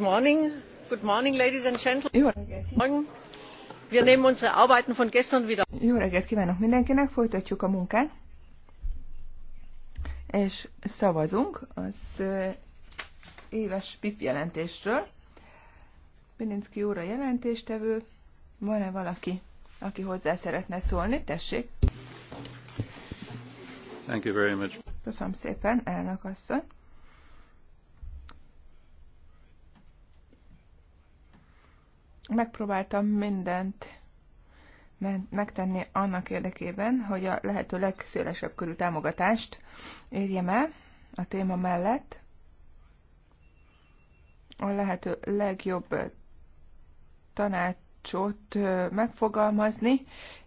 Jó Wir nehmen unsere Arbeiten von gestern wieder. Jó reggelt kívánok mindenkinek, folytatjuk a munkát. És szavazunk az éves PIP jelentésről. Bilinszki úr a jelentéstevő. Van-e valaki, aki hozzá szeretne szólni? Tessék. Thank you very much. Köszönöm szépen, elnök asszony. megpróbáltam mindent megtenni annak érdekében, hogy a lehető legszélesebb körű támogatást érjem el a téma mellett, a lehető legjobb tanácsot megfogalmazni,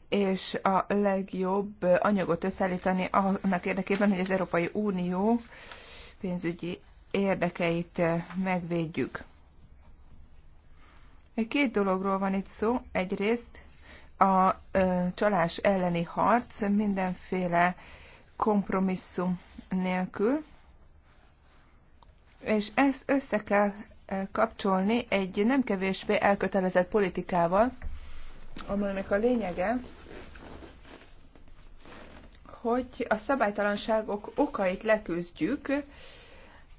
és a legjobb anyagot összeállítani annak érdekében, hogy az Európai Unió pénzügyi érdekeit megvédjük. Két dologról van itt szó. Egyrészt a csalás elleni harc mindenféle kompromisszum nélkül, és ezt össze kell kapcsolni egy nem kevésbé elkötelezett politikával, amelynek a lényege, hogy a szabálytalanságok okait leküzdjük,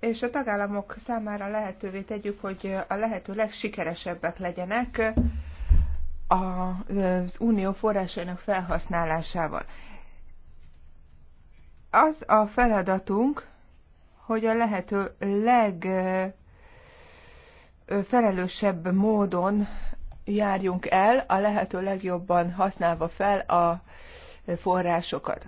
és a tagállamok számára lehetővé tegyük, hogy a lehető legsikeresebbek legyenek az unió forrásainak felhasználásával. Az a feladatunk, hogy a lehető legfelelősebb módon járjunk el, a lehető legjobban használva fel a forrásokat.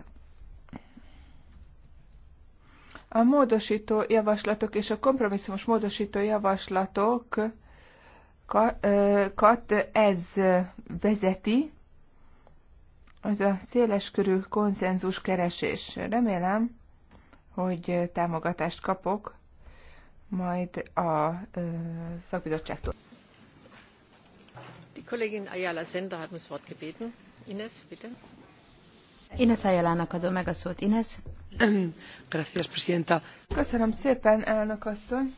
A módosító javaslatok és a kompromisszumos módosító javaslatokat ez vezeti, ez a széleskörű konszenzus keresés. Remélem, hogy támogatást kapok majd a szakbizottságtól. Die Kollegin Ayala Sender hat uns Wort gebeten. Ines, bitte. Ines Ayala-nak adom meg a szót. Ines? Köszönöm szépen, elnök asszony.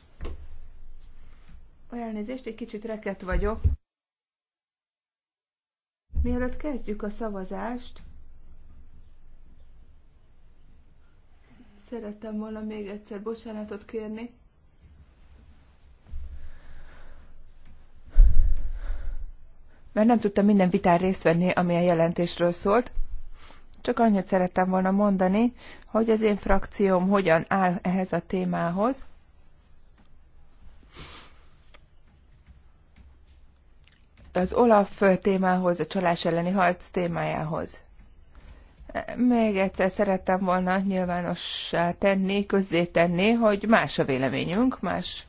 Elnézést, egy kicsit reket vagyok. Mielőtt kezdjük a szavazást, szerettem volna még egyszer bocsánatot kérni. Mert nem tudtam minden vitán részt venni, ami a jelentésről szólt. Csak annyit szerettem volna mondani, hogy az én frakcióm hogyan áll ehhez a témához. Az Olaf témához, a csalás elleni harc témájához. Még egyszer szerettem volna nyilvánossá tenni, tenni, hogy más a véleményünk, más,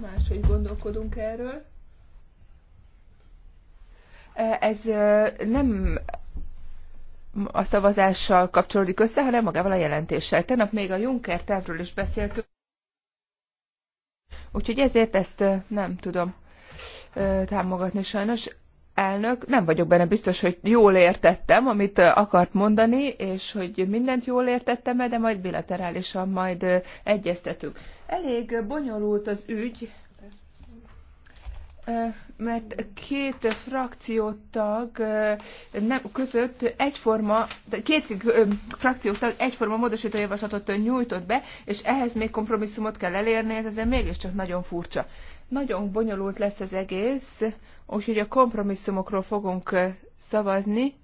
máshogy gondolkodunk erről. Ez nem a szavazással kapcsolódik össze, hanem magával a jelentéssel. Tegnap még a Juncker tervről is beszéltünk, úgyhogy ezért ezt nem tudom támogatni sajnos. Elnök, nem vagyok benne biztos, hogy jól értettem, amit akart mondani, és hogy mindent jól értettem -e, de majd bilaterálisan majd egyeztetünk. Elég bonyolult az ügy, mert két frakciótag nem, között egyforma, két frakciótag egyforma módosító javaslatot nyújtott be, és ehhez még kompromisszumot kell elérni, ez azért mégiscsak nagyon furcsa. Nagyon bonyolult lesz az egész, úgyhogy a kompromisszumokról fogunk szavazni.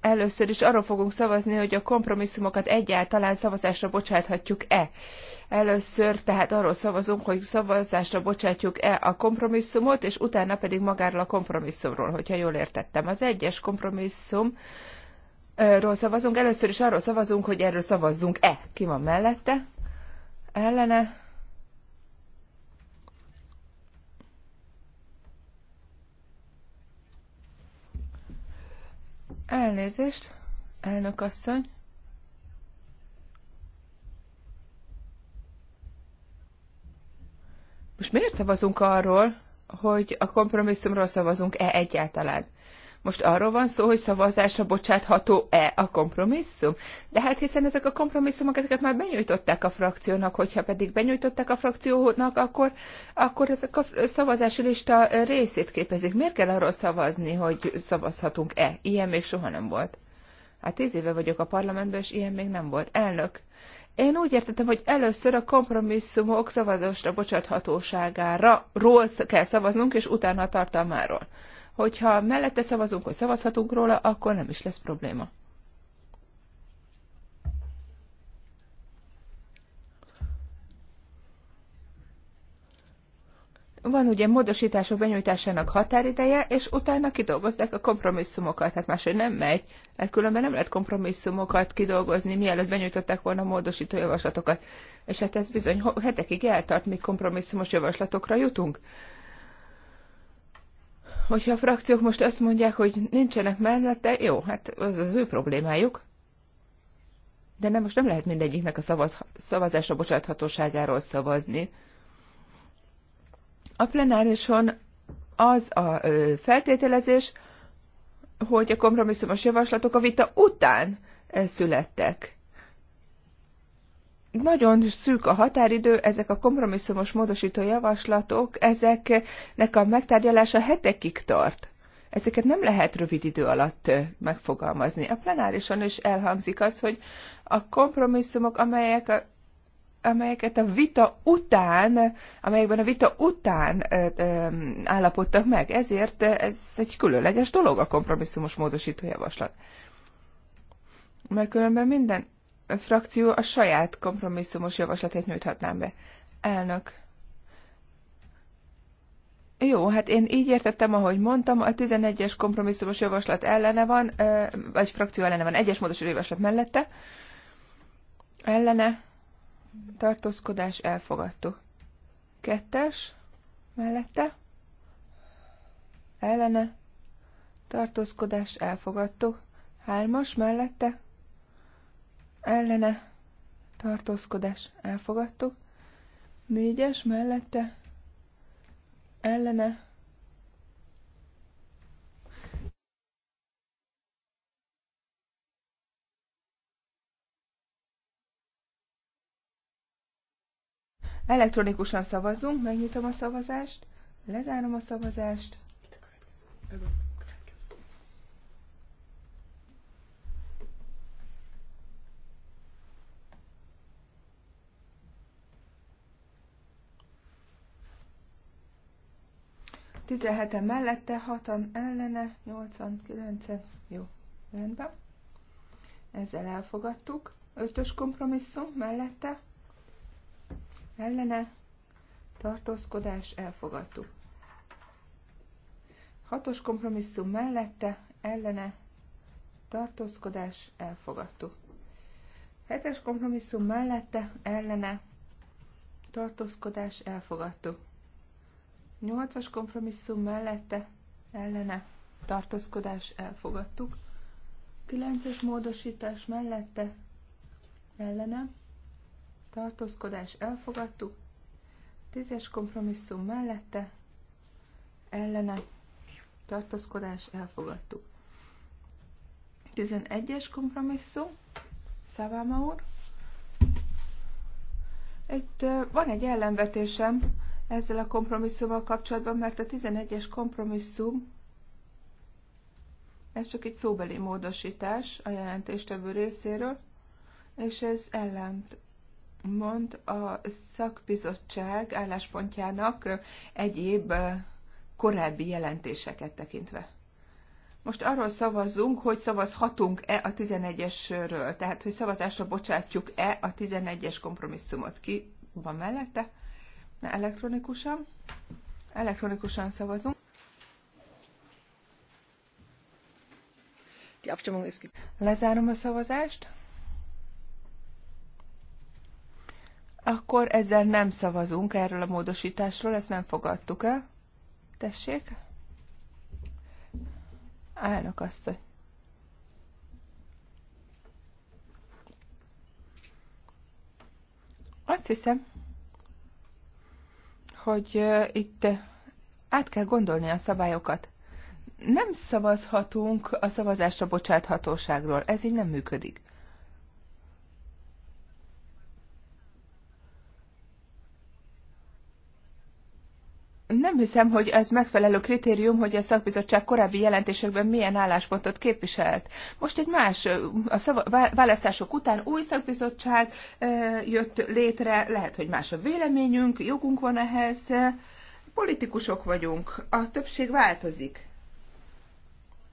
Először is arról fogunk szavazni, hogy a kompromisszumokat egyáltalán szavazásra bocsáthatjuk-e. Először tehát arról szavazunk, hogy szavazásra bocsátjuk-e a kompromisszumot, és utána pedig magáról a kompromisszumról, hogyha jól értettem. Az egyes kompromisszum szavazunk. Először is arról szavazunk, hogy erről szavazzunk-e. Ki van mellette? Ellene? Elnézést, elnök asszony. Most miért szavazunk arról, hogy a kompromisszumról szavazunk-e egyáltalán? Most arról van szó, hogy szavazásra bocsátható-e a kompromisszum? De hát hiszen ezek a kompromisszumok, ezeket már benyújtották a frakciónak, hogyha pedig benyújtották a frakciónak, akkor, akkor ezek a szavazási lista részét képezik. Miért kell arról szavazni, hogy szavazhatunk-e? Ilyen még soha nem volt. Hát tíz éve vagyok a parlamentben, és ilyen még nem volt. Elnök, én úgy értettem, hogy először a kompromisszumok szavazásra bocsáthatóságára ról kell szavaznunk, és utána a tartalmáról hogyha mellette szavazunk, hogy szavazhatunk róla, akkor nem is lesz probléma. Van ugye módosítások benyújtásának határideje, és utána kidolgozzák a kompromisszumokat, hát máshogy nem megy, mert különben nem lehet kompromisszumokat kidolgozni, mielőtt benyújtották volna módosító javaslatokat. És hát ez bizony hetekig eltart, míg kompromisszumos javaslatokra jutunk hogyha a frakciók most azt mondják, hogy nincsenek mellette, jó, hát az az ő problémájuk. De nem, most nem lehet mindegyiknek a szavaz, szavazásra bocsáthatóságáról szavazni. A plenárison az a feltételezés, hogy a kompromisszumos javaslatok a vita után születtek nagyon szűk a határidő, ezek a kompromisszumos módosító javaslatok, ezeknek a megtárgyalása hetekig tart. Ezeket nem lehet rövid idő alatt eh, megfogalmazni. A plenárison is elhangzik az, hogy a kompromisszumok, amelyek a amelyeket a vita után, amelyekben a vita után ö, eh, ö, eh, állapodtak meg. Ezért ez egy különleges dolog a kompromisszumos módosító javaslat. Mert különben minden frakció a saját kompromisszumos javaslatát nyújthatnám be. Elnök. Jó, hát én így értettem, ahogy mondtam, a 11-es kompromisszumos javaslat ellene van, vagy frakció ellene van, egyes módosító javaslat mellette. Ellene tartózkodás elfogadtuk. Kettes mellette. Ellene tartózkodás elfogadtuk. Hármas mellette ellene tartózkodás elfogadtuk, négyes mellette ellene Elektronikusan szavazzunk, megnyitom a szavazást, lezárom a szavazást. Itt a következő. 17-en mellette, 6-an ellene, 89-en. Jó, rendben. Ezzel elfogadtuk. 5-ös kompromisszum mellette, ellene, tartózkodás, elfogadtuk. 6-os kompromisszum mellette, ellene, tartózkodás, elfogadtuk. 7-es kompromisszum mellette, ellene, tartózkodás, elfogadtuk. Nyolcas kompromisszum mellette ellene tartózkodás elfogadtuk. Kilences módosítás mellette ellene tartózkodás elfogadtuk. Tízes kompromisszum mellette ellene tartózkodás elfogadtuk. Tizenegyes kompromisszum, Szaváma úr. Itt van egy ellenvetésem ezzel a kompromisszummal kapcsolatban, mert a 11-es kompromisszum, ez csak egy szóbeli módosítás a jelentéstevő részéről, és ez ellent mond a szakbizottság álláspontjának egyéb korábbi jelentéseket tekintve. Most arról szavazzunk, hogy szavazhatunk-e a 11-esről, tehát hogy szavazásra bocsátjuk-e a 11-es kompromisszumot. Ki van mellette? elektronikusan. Elektronikusan szavazunk. Die Abstimmung ist Lezárom a szavazást. Akkor ezzel nem szavazunk erről a módosításról, ezt nem fogadtuk el. Tessék. Állnak azt, hogy... Azt hiszem, hogy itt át kell gondolni a szabályokat. Nem szavazhatunk a szavazásra bocsáthatóságról, ez így nem működik. Nem hiszem, hogy ez megfelelő kritérium, hogy a szakbizottság korábbi jelentésekben milyen álláspontot képviselt. Most egy más, a szava, választások után új szakbizottság jött létre, lehet, hogy más a véleményünk, jogunk van ehhez, politikusok vagyunk, a többség változik.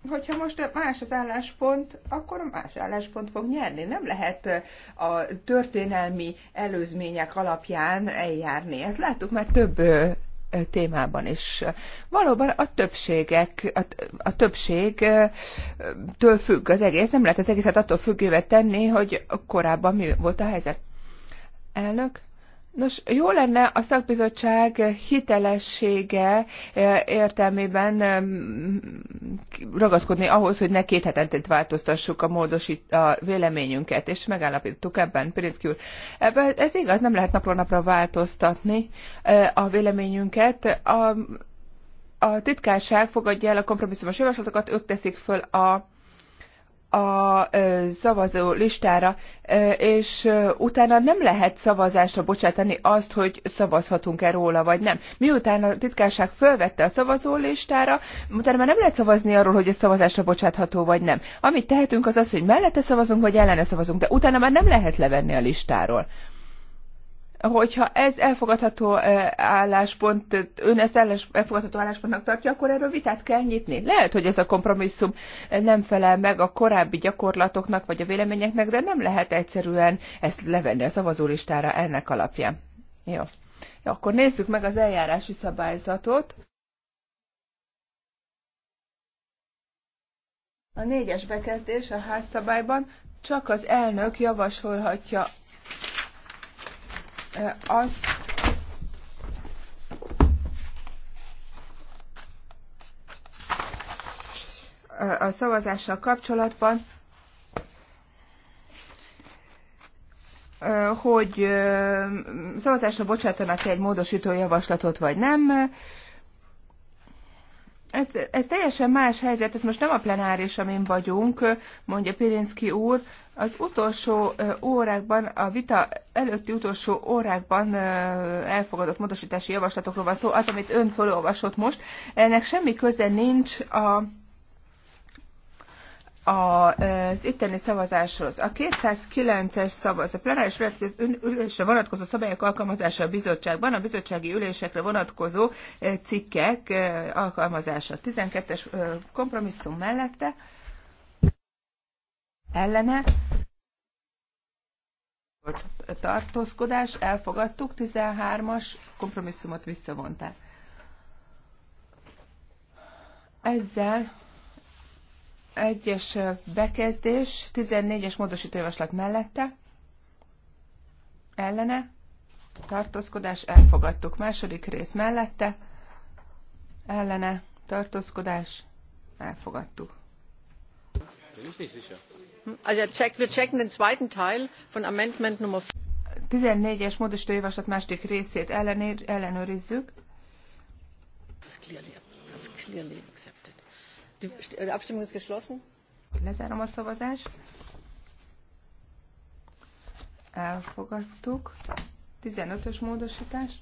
Hogyha most más az álláspont, akkor más álláspont fog nyerni. Nem lehet a történelmi előzmények alapján eljárni. Ezt láttuk már több témában is. Valóban a többségek, a, a többségtől függ az egész, nem lehet az egészet attól függővé tenni, hogy korábban mi volt a helyzet. Elnök, Nos, jó lenne a szakbizottság hitelessége eh, értelmében ragaszkodni ahhoz, hogy ne két hetente változtassuk a, módosít, a véleményünket, és megállapítottuk ebben, Pirinszki úr. Ebben ez igaz, nem lehet napról napra változtatni eh, a véleményünket. A, a titkárság fogadja el a kompromisszumos javaslatokat, ők teszik föl a a eh, szavazó listára, és utána nem lehet szavazásra bocsátani azt, hogy szavazhatunk-e róla, vagy nem. Miután a titkárság fölvette a szavazó listára, utána már nem lehet szavazni arról, hogy ez szavazásra bocsátható, vagy nem. Amit tehetünk, az az, hogy mellette szavazunk, vagy ellene szavazunk, de utána már nem lehet levenni a listáról hogyha ez elfogadható álláspont, ön ezt elfogadható álláspontnak tartja, akkor erről vitát kell nyitni. Lehet, hogy ez a kompromisszum nem felel meg a korábbi gyakorlatoknak vagy a véleményeknek, de nem lehet egyszerűen ezt levenni a szavazólistára ennek alapján. Jó. Jó, akkor nézzük meg az eljárási szabályzatot. A négyes bekezdés a házszabályban csak az elnök javasolhatja az a szavazással kapcsolatban, hogy szavazásra bocsátanak -e egy módosító javaslatot, vagy nem. Ez, ez teljesen más helyzet, ez most nem a plenáris, amin vagyunk, mondja Pirinszki úr. Az utolsó órákban, a vita előtti utolsó órákban elfogadott módosítási javaslatokról van szó, az, amit ön felolvasott most, ennek semmi köze nincs a az itteni szavazáshoz. A 209-es szavaz a plenáris ülésre vonatkozó szabályok alkalmazása a bizottságban, a bizottsági ülésekre vonatkozó eh, cikkek eh, alkalmazása. 12-es eh, kompromisszum mellette, ellene, tartózkodás, elfogadtuk, 13-as kompromisszumot visszavonták. Ezzel egyes bekezdés, 14-es módosítójavaslat mellette, ellene, tartózkodás, elfogadtuk. Második rész mellette, ellene, tartózkodás, elfogadtuk. Also check, wir checken den zweiten Teil von Amendment Nummer 14-es módosítójavaslat második részét ellenőrizzük. It's clearly, it's clearly accepted. Die Abstimmung ist geschlossen. Lezárom a szavazást. Elfogadtuk. 15-ös módosítás.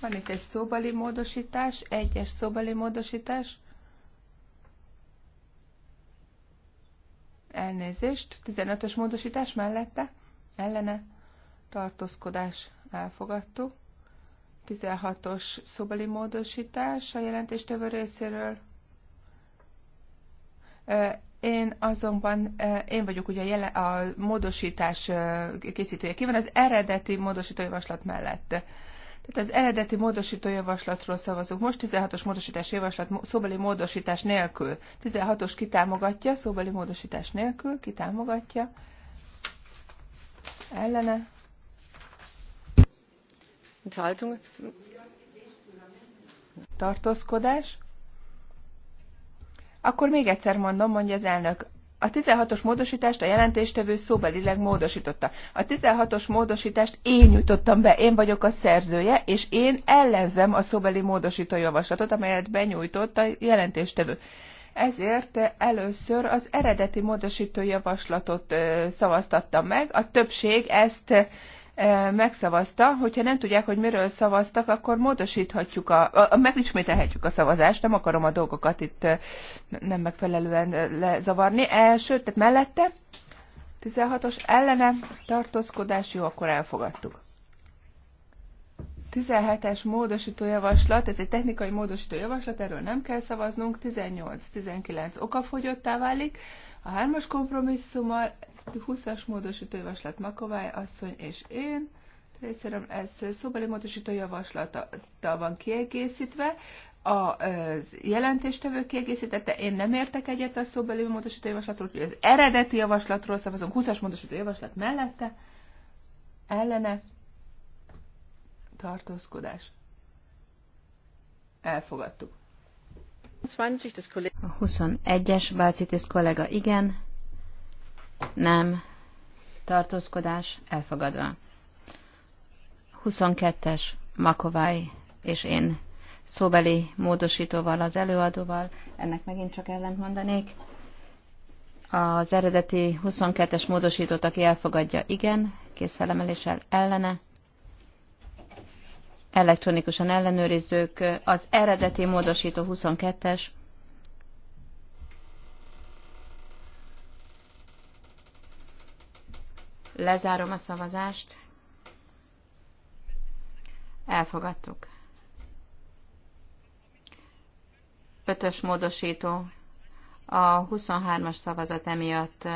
Van itt egy szóbali módosítás, egyes szóbali módosítás. Elnézést, 15-ös módosítás mellette, ellene, tartózkodás, elfogadtuk. 16-os szobeli módosítás a jelentéstevő részéről. Én azonban, én vagyok ugye a, jelen, a módosítás készítője. Ki van az eredeti módosítójavaslat mellett? Tehát az eredeti módosítójavaslatról javaslatról szavazunk. Most 16-os módosítás javaslat szóbeli módosítás nélkül. 16-os kitámogatja, szóbeli módosítás nélkül kitámogatja. Ellene enthaltung Tartózkodás? Akkor még egyszer mondom, mondja az elnök. A 16-os módosítást a jelentéstevő szóbelileg módosította. A 16-os módosítást én nyújtottam be, én vagyok a szerzője, és én ellenzem a szóbeli módosító javaslatot, amelyet benyújtott a jelentéstevő. Ezért először az eredeti módosító javaslatot szavaztattam meg, a többség ezt megszavazta, hogyha nem tudják, hogy miről szavaztak, akkor módosíthatjuk, a, a, a, megismételhetjük a szavazást, nem akarom a dolgokat itt nem megfelelően lezavarni. Sőt, tehát mellette 16-os ellene tartózkodás, jó, akkor elfogadtuk. 17-es módosító javaslat, ez egy technikai módosító javaslat, erről nem kell szavaznunk, 18-19 okafogyottá válik. A hármas kompromisszummal 20-as módosító javaslat Makovály asszony és én. Részerem ez szóbeli módosító javaslata van kiegészítve. A jelentéstevő kiegészítette, én nem értek egyet a szóbeli módosító javaslatról, hogy az eredeti javaslatról szavazunk 20-as módosító javaslat mellette, ellene, tartózkodás. Elfogadtuk. A 21-es Bácitis kollega igen, nem, tartózkodás elfogadva. 22-es Makovály és én szóbeli módosítóval, az előadóval, ennek megint csak ellent mondanék. Az eredeti 22-es módosítót, aki elfogadja, igen, kész felemeléssel ellene. Elektronikusan ellenőrizzük az eredeti módosító 22-es, Lezárom a szavazást. Elfogadtuk. Ötös módosító. A 23-as szavazat emiatt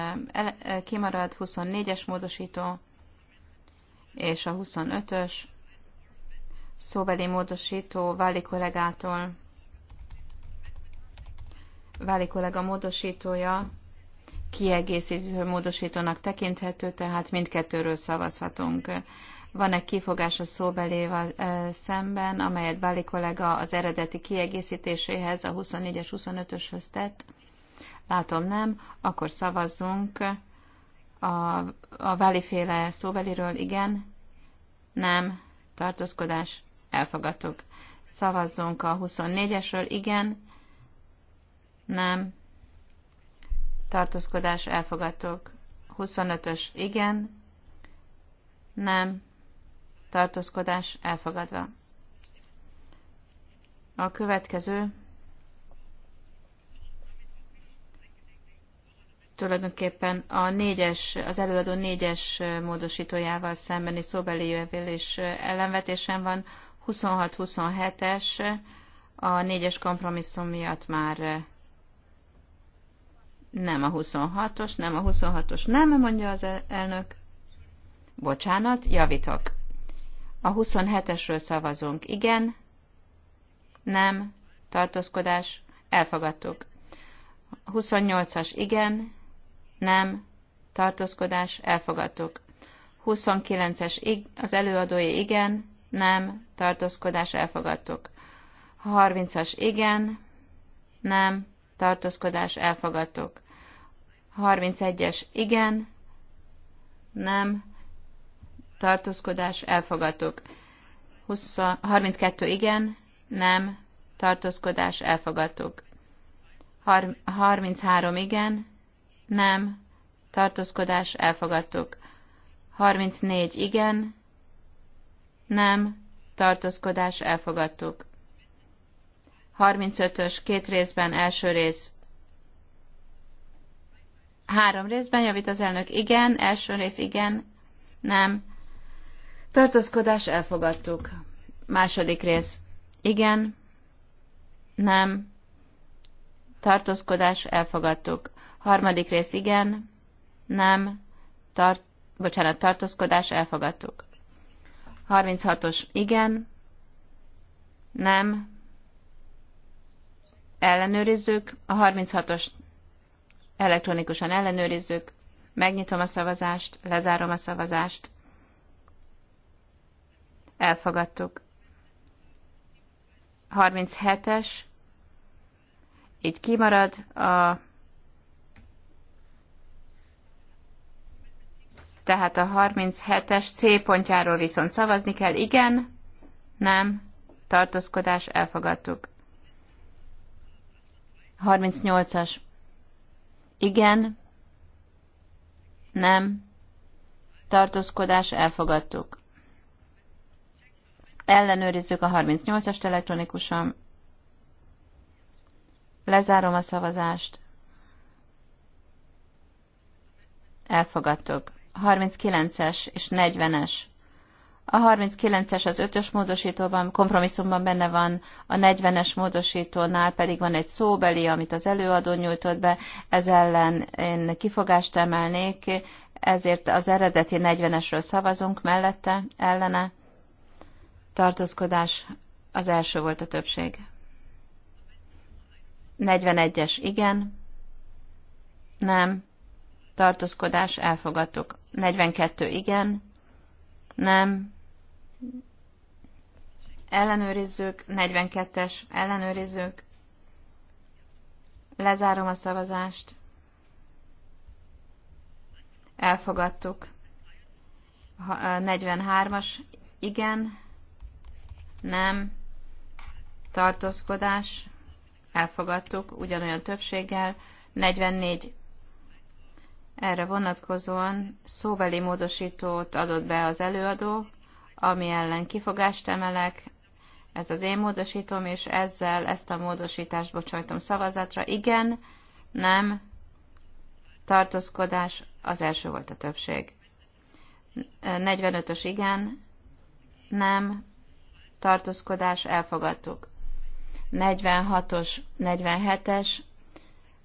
kimarad, 24-es módosító és a 25-ös szóbeli módosító Váli kollégától. Váli kollega módosítója kiegészítő módosítónak tekinthető, tehát mindkettőről szavazhatunk. van egy kifogás a szóbelével szemben, amelyet Báli kollega az eredeti kiegészítéséhez, a 24-es, 25-öshöz tett? Látom nem, akkor szavazzunk. A, a Báliféle szóbeliről igen, nem, tartózkodás, elfogadtuk. Szavazzunk a 24-esről igen, nem, tartózkodás elfogadtok. 25-ös igen, nem, tartózkodás elfogadva. A következő tulajdonképpen a négyes, az előadó négyes módosítójával szembeni szóbeli jövélés ellenvetésen van, 26-27-es a négyes kompromisszum miatt már nem a 26-os, nem a 26-os, nem, mondja az elnök. Bocsánat, javítok. A 27-esről szavazunk. Igen, nem, tartózkodás, elfogadtuk. 28-as, igen, nem, tartózkodás, elfogadtuk. 29-es, az előadói igen, nem, tartózkodás, elfogadtuk. 30-as, igen, nem, tartózkodás, elfogadtuk. 31-es igen, nem, tartózkodás, elfogadok. 20, 32 igen, nem, tartózkodás, elfogadok. 33 igen, nem, tartózkodás, elfogadok. 34 igen, nem, tartózkodás, elfogadtuk. 35-ös két részben első rész Három részben javít az elnök. Igen, első rész igen, nem. Tartózkodás elfogadtuk. Második rész. Igen, nem. Tartózkodás elfogadtuk. Harmadik rész igen, nem. Tart, bocsánat, tartózkodás elfogadtuk. 36-os igen, nem. Ellenőrizzük a 36 os elektronikusan ellenőrizzük, megnyitom a szavazást, lezárom a szavazást, elfogadtuk. 37-es, így kimarad a tehát a 37-es C pontjáról viszont szavazni kell. Igen, nem, tartózkodás, elfogadtuk. 38-as igen. Nem. Tartózkodás elfogadtuk. Ellenőrizzük a 38 as elektronikusan. Lezárom a szavazást. Elfogadtuk. 39-es és 40-es a 39-es az 5-ös módosítóban, kompromisszumban benne van, a 40-es módosítónál pedig van egy szóbeli, amit az előadó nyújtott be, ez ellen én kifogást emelnék, ezért az eredeti 40-esről szavazunk, mellette, ellene, tartózkodás, az első volt a többség. 41-es igen, nem, tartózkodás, elfogadtuk. 42 igen, nem, ellenőrizzük, 42-es, ellenőrizzük, lezárom a szavazást, elfogadtuk, 43-as, igen, nem, tartózkodás, elfogadtuk, ugyanolyan többséggel, 44 erre vonatkozóan szóbeli módosítót adott be az előadó, ami ellen kifogást emelek, ez az én módosítom, és ezzel ezt a módosítást bocsájtom szavazatra. Igen, nem, tartózkodás, az első volt a többség. 45-ös igen, nem, tartózkodás, elfogadtuk. 46-os, 47-es,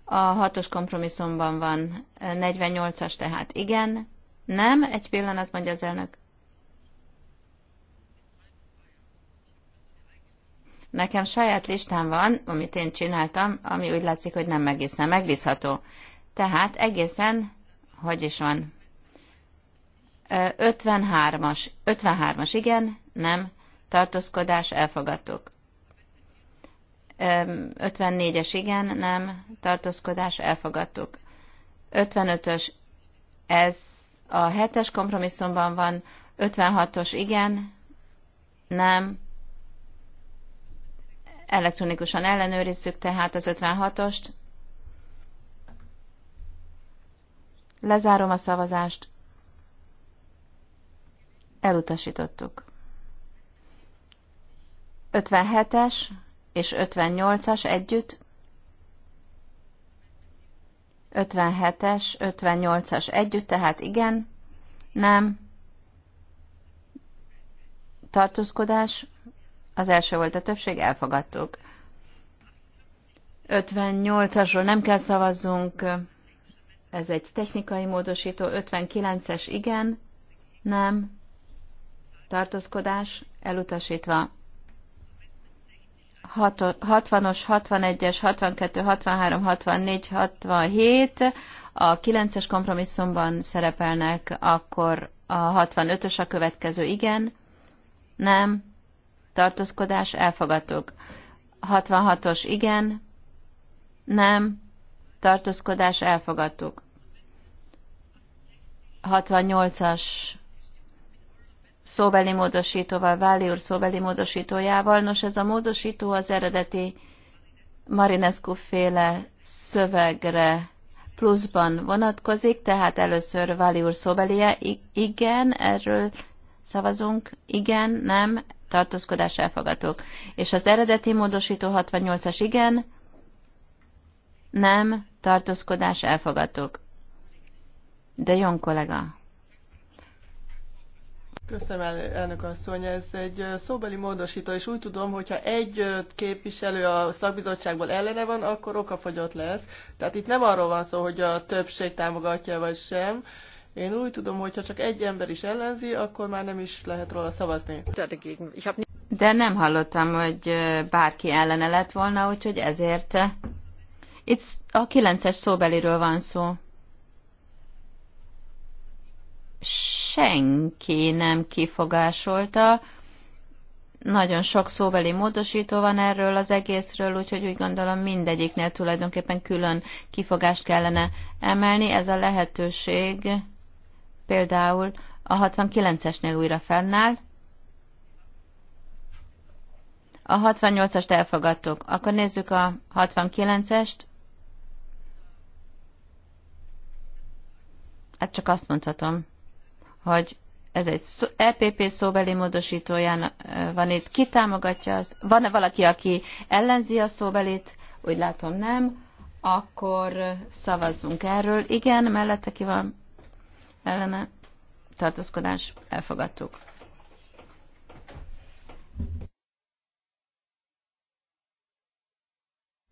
a hatos kompromisszumban van, 48-as tehát igen, nem, egy pillanat, mondja az elnök. Nekem saját listám van, amit én csináltam, ami úgy látszik, hogy nem egészen megbízható. Tehát egészen, hogy is van, 53-as, 53-as igen, nem, tartózkodás, elfogadtuk. 54-es igen, nem, tartózkodás, elfogadtuk. 55-ös, ez a 7-es kompromisszumban van, 56-os igen, nem, Elektronikusan ellenőrizzük tehát az 56-ost. Lezárom a szavazást. Elutasítottuk. 57-es és 58-as együtt. 57-es, 58-as együtt, tehát igen, nem, tartózkodás, az első volt a többség, elfogadtuk. 58-asról nem kell szavazzunk, ez egy technikai módosító, 59-es igen, nem, tartózkodás, elutasítva. 60-os, 61-es, 62, 63, 64, 67, a 9-es kompromisszumban szerepelnek, akkor a 65-ös a következő igen, nem, tartózkodás, elfogadtuk. 66-os igen, nem, tartózkodás, elfogadtuk. 68-as szóbeli módosítóval, Váli úr szóbeli módosítójával. Nos, ez a módosító az eredeti Marinescu féle szövegre pluszban vonatkozik, tehát először Váli úr szóbelie, igen, erről szavazunk, igen, nem, tartózkodás elfogadók. És az eredeti módosító 68-as igen, nem, tartózkodás elfogadók. De jó, kollega. Köszönöm, el, elnök asszony. Ez egy szóbeli módosító, és úgy tudom, hogyha egy képviselő a szakbizottságból ellene van, akkor okafogyott lesz. Tehát itt nem arról van szó, hogy a többség támogatja vagy sem, én úgy tudom, hogy ha csak egy ember is ellenzi, akkor már nem is lehet róla szavazni. De nem hallottam, hogy bárki ellene lett volna, úgyhogy ezért. Itt a kilences szóbeliről van szó. Senki nem kifogásolta. Nagyon sok szóbeli módosító van erről az egészről, úgyhogy úgy gondolom mindegyiknél tulajdonképpen külön kifogást kellene emelni. Ez a lehetőség például a 69-esnél újra fennáll, a 68-ast elfogadtuk. Akkor nézzük a 69-est. Hát csak azt mondhatom, hogy ez egy EPP szóbeli módosítóján van itt. Ki támogatja az? van -e valaki, aki ellenzi a szóbelit? Úgy látom nem. Akkor szavazzunk erről. Igen, mellette ki van? ellene tartózkodás elfogadtuk.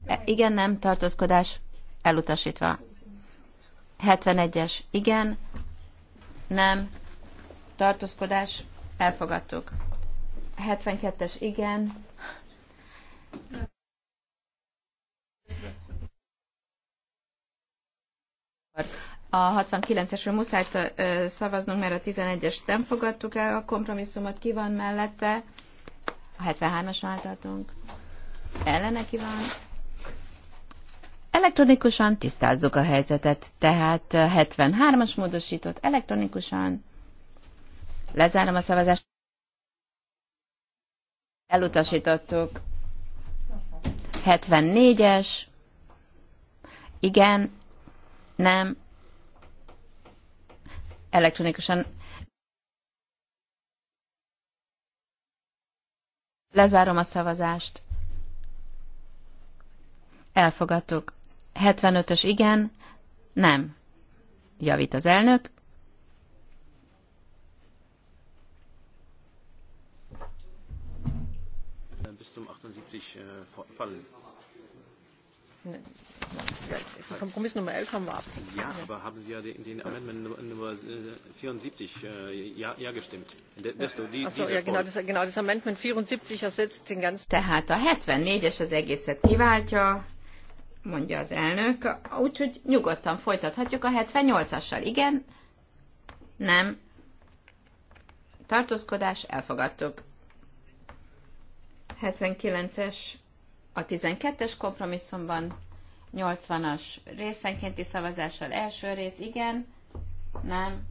E, igen, nem, tartózkodás elutasítva. 71-es, igen, nem, tartózkodás elfogadtuk. 72-es, igen, a 69-esről muszáj szavaznunk, mert a 11-est nem fogadtuk el, a kompromisszumot ki van mellette, a 73-asnál tartunk, ellene ki van. Elektronikusan tisztázzuk a helyzetet, tehát 73-as módosított elektronikusan. Lezárom a szavazást. Elutasítottuk. 74-es. Igen, nem, elektronikusan Lezárom a szavazást. Elfogadtuk. 75-ös igen, nem. Javít az elnök. Bis zum 78 äh, fallen. Kompromiss Nummer 11 haben wir abgelehnt. Ja, aber haben Sie ja den, den Amendment Nummer 74 äh, äh, ja, ja gestimmt. Desto, die, Achso, ja, genau das, genau, das Amendment 74 ersetzt den ganzen... Tehát a 74-es az egészet kiváltja, mondja az elnök, úgyhogy nyugodtan folytathatjuk a 78-assal. Igen, nem, tartózkodás, elfogadtuk. 79-es a 12-es kompromisszumban 80-as részenkénti szavazással első rész igen, nem,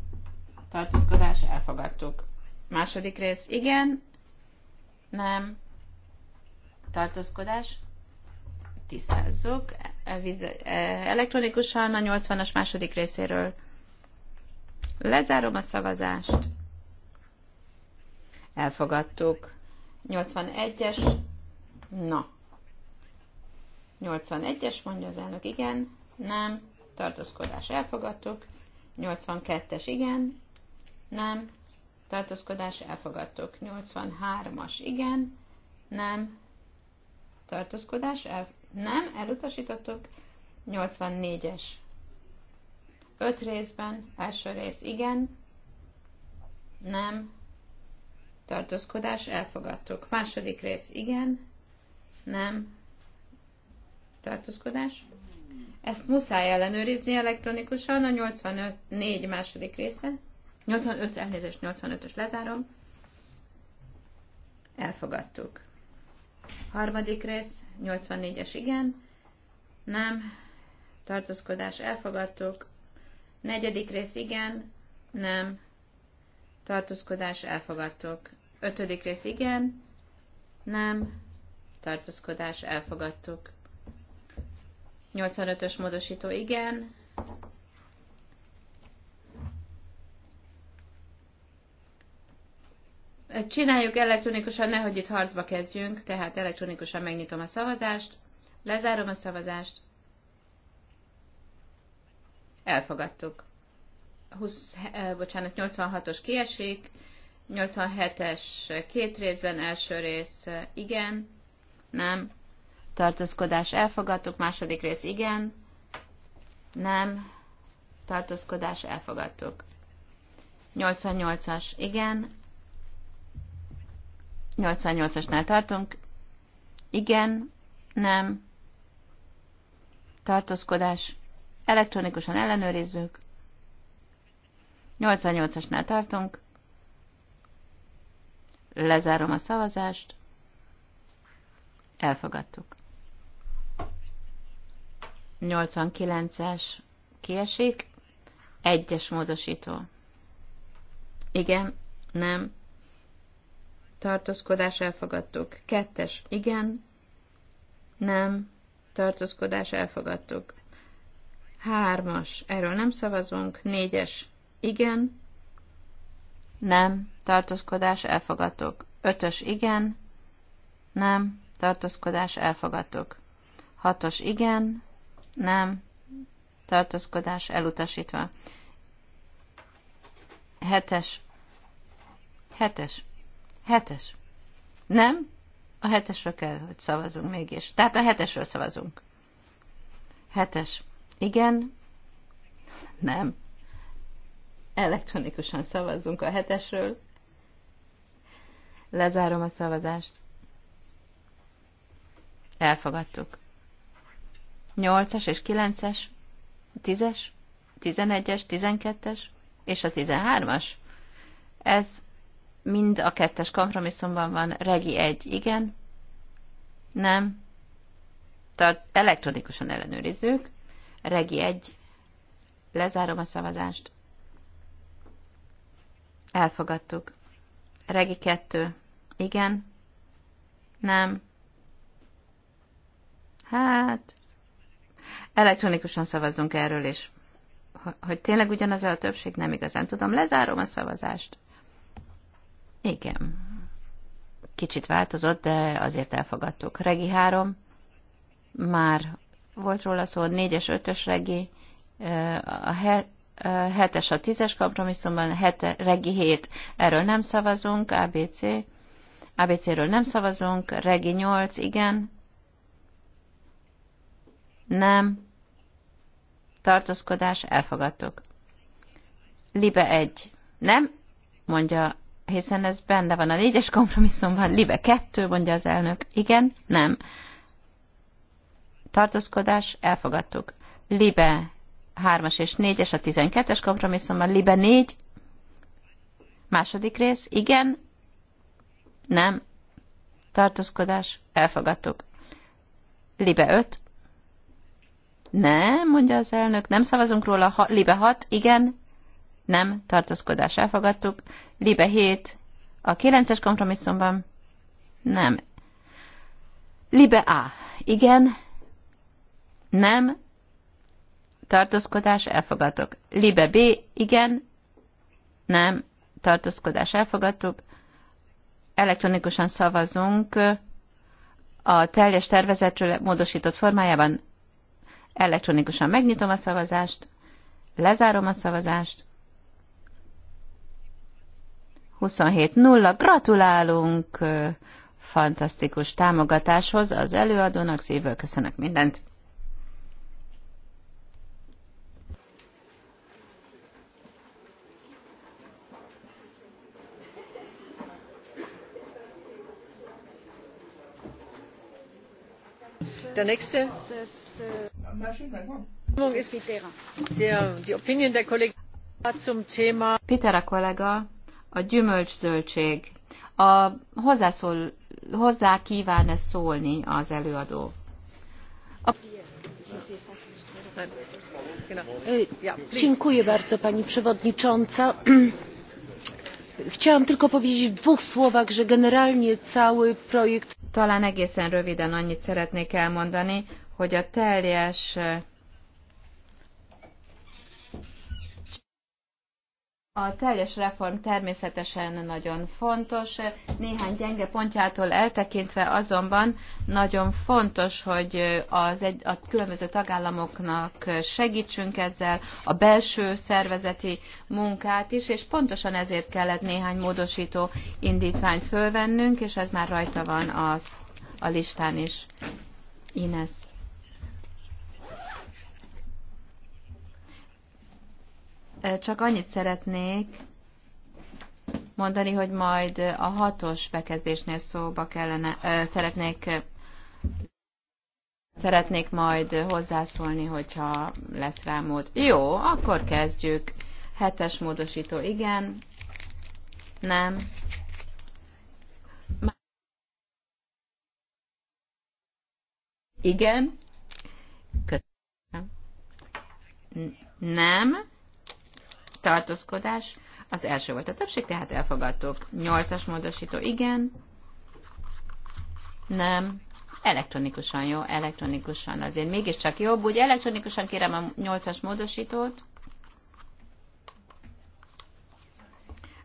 tartózkodás, elfogadtuk. Második rész igen, nem, tartózkodás, tisztázzuk. E, elektronikusan a 80-as második részéről lezárom a szavazást. Elfogadtuk. 81-es. Na, 81-es, mondja az elnök, igen, nem, tartózkodás elfogadtuk. 82-es, igen, nem, tartózkodás elfogadtuk. 83-as, igen, nem, tartózkodás el, nem, elutasítottuk. 84-es, 5 részben, első rész, igen, nem, tartózkodás elfogadtuk. Második rész, igen, nem, tartózkodás. Ezt muszáj ellenőrizni elektronikusan, a 84 második része, 85 elnézést, 85-ös lezárom, elfogadtuk. Harmadik rész, 84-es igen, nem, tartózkodás, elfogadtuk. Negyedik rész, igen, nem, tartózkodás, elfogadtuk. Ötödik rész, igen, nem, tartózkodás, elfogadtuk. 85-ös módosító igen. Csináljuk elektronikusan, nehogy itt harcba kezdjünk, tehát elektronikusan megnyitom a szavazást, lezárom a szavazást. Elfogadtuk. 20, eh, bocsánat, 86-os kiesik, 87-es két részben első rész eh, igen, nem, tartózkodás elfogadtuk, második rész igen, nem, tartózkodás elfogadtuk. 88-as igen, 88-asnál tartunk, igen, nem, tartózkodás, elektronikusan ellenőrizzük, 88-asnál tartunk, lezárom a szavazást, elfogadtuk. 89-es kiesik, egyes módosító. Igen, nem. Tartózkodás elfogadtuk. Kettes, igen, nem. Tartózkodás elfogadtuk. Hármas, erről nem szavazunk. Négyes, igen, nem. Tartózkodás elfogadtuk. Ötös, igen, nem. Tartózkodás elfogadtuk. Hatos, igen, nem, tartózkodás elutasítva. Hetes, hetes, hetes, nem, a hetesről kell, hogy szavazunk mégis. Tehát a hetesről szavazunk. Hetes, igen, nem. Elektronikusan szavazzunk a hetesről. Lezárom a szavazást. Elfogadtuk. 8-as és 9-es, 10-es, 11-es, 12-es és a 13-as. Ez mind a kettes kompromisszumban van. Regi 1, igen, nem, tart, elektronikusan ellenőrizzük. Regi 1, lezárom a szavazást. Elfogadtuk. Regi 2, igen, nem, hát, elektronikusan szavazzunk erről, és hogy tényleg ugyanaz a többség, nem igazán tudom. Lezárom a szavazást. Igen. Kicsit változott, de azért elfogadtuk. Regi 3, már volt róla szó, 4-es, 5-ös regi, a 7-es a 10-es kompromisszumban, hete, regi 7, erről nem szavazunk, ABC, ABC-ről nem szavazunk, regi 8, igen, nem. Tartózkodás, elfogadtuk. Libe egy. Nem, mondja, hiszen ez benne van a négyes kompromisszumban. Libe kettő, mondja az elnök. Igen, nem. Tartózkodás, elfogadtuk. Libe hármas és négyes a tizenkettes kompromisszumban. Libe négy. Második rész, igen, nem. Tartózkodás, elfogadtuk. Libe öt nem, mondja az elnök, nem szavazunk róla. Ha, libe 6, igen, nem, tartózkodás elfogadtuk. Libe 7, a 9-es kompromisszumban, nem. Libe A, igen, nem, tartózkodás elfogadtuk. Libe B, igen, nem, tartózkodás elfogadtuk. Elektronikusan szavazunk a teljes tervezetről módosított formájában Elektronikusan megnyitom a szavazást, lezárom a szavazást. 27-0, gratulálunk fantasztikus támogatáshoz az előadónak, szívvel köszönök mindent. Der nächste másik Peter a kollega, a gyümölcszöldség. A hozzászól, hozzá kíván-e szólni az előadó? A... Dziękuję bardzo Pani Przewodnicząca. Chciałam tylko powiedzieć w dwóch słowach, że generalnie cały projekt... Talán egészen röviden annyit szeretnék elmondani, hogy a teljes A teljes reform természetesen nagyon fontos, néhány gyenge pontjától eltekintve azonban nagyon fontos, hogy az egy, a különböző tagállamoknak segítsünk ezzel, a belső szervezeti munkát is, és pontosan ezért kellett néhány módosító indítványt fölvennünk, és ez már rajta van az, a listán is. Ines. Csak annyit szeretnék mondani, hogy majd a hatos bekezdésnél szóba kellene, szeretnék szeretnék majd hozzászólni, hogyha lesz rá mód. Jó, akkor kezdjük. Hetes módosító, igen. Nem. Igen. Köszönöm. Nem tartózkodás, az első volt a többség, tehát elfogadtuk. Nyolcas módosító, igen, nem, elektronikusan jó, elektronikusan azért mégiscsak jobb, úgy elektronikusan kérem a nyolcas módosítót.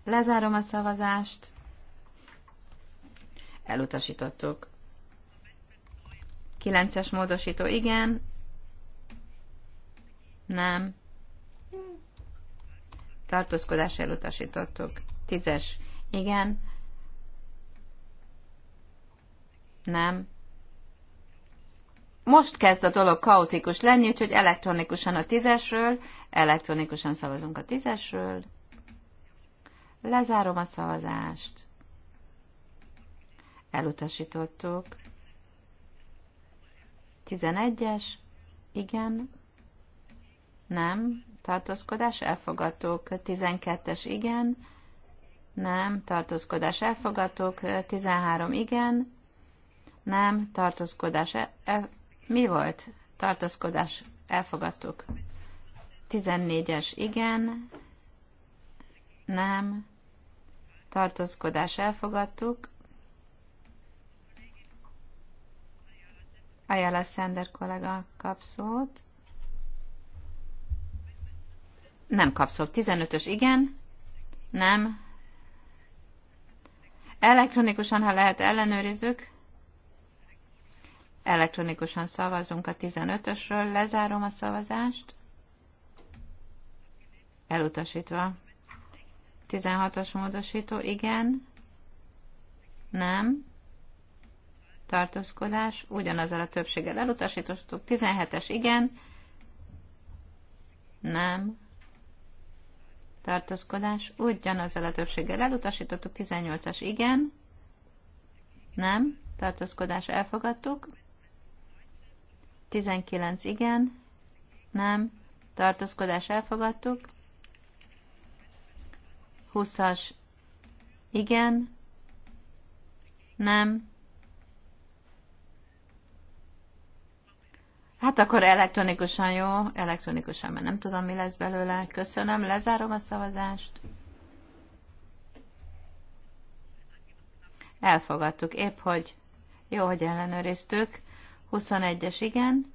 Lezárom a szavazást. Elutasítottuk. kilences módosító, igen. Nem tartózkodás elutasítottuk. Tízes, igen, nem. Most kezd a dolog kaotikus lenni, úgyhogy elektronikusan a tízesről, elektronikusan szavazunk a tízesről. Lezárom a szavazást. Elutasítottuk. 11-es. Igen. Nem tartózkodás elfogadtuk. 12-es igen, nem, tartózkodás elfogadtuk. 13 igen, nem, tartózkodás el, el, mi volt? Tartózkodás elfogadtuk. 14-es igen, nem, tartózkodás elfogadtuk. Ajala Szender kollega kap szót. Nem kapszok. 15-ös igen, nem. Elektronikusan, ha lehet, ellenőrizzük. Elektronikusan szavazunk a 15-ösről, lezárom a szavazást. Elutasítva. 16-os módosító, igen. Nem. Tartózkodás, ugyanazzal a többséggel elutasítottuk. 17-es, igen. Nem tartózkodás, ugyanazzal a többséggel elutasítottuk, 18-as igen, nem, tartózkodás elfogadtuk, 19 igen, nem, tartózkodás elfogadtuk, 20-as igen, nem, Hát akkor elektronikusan jó, elektronikusan, mert nem tudom, mi lesz belőle. Köszönöm, lezárom a szavazást. Elfogadtuk, épp hogy jó, hogy ellenőriztük. 21-es igen,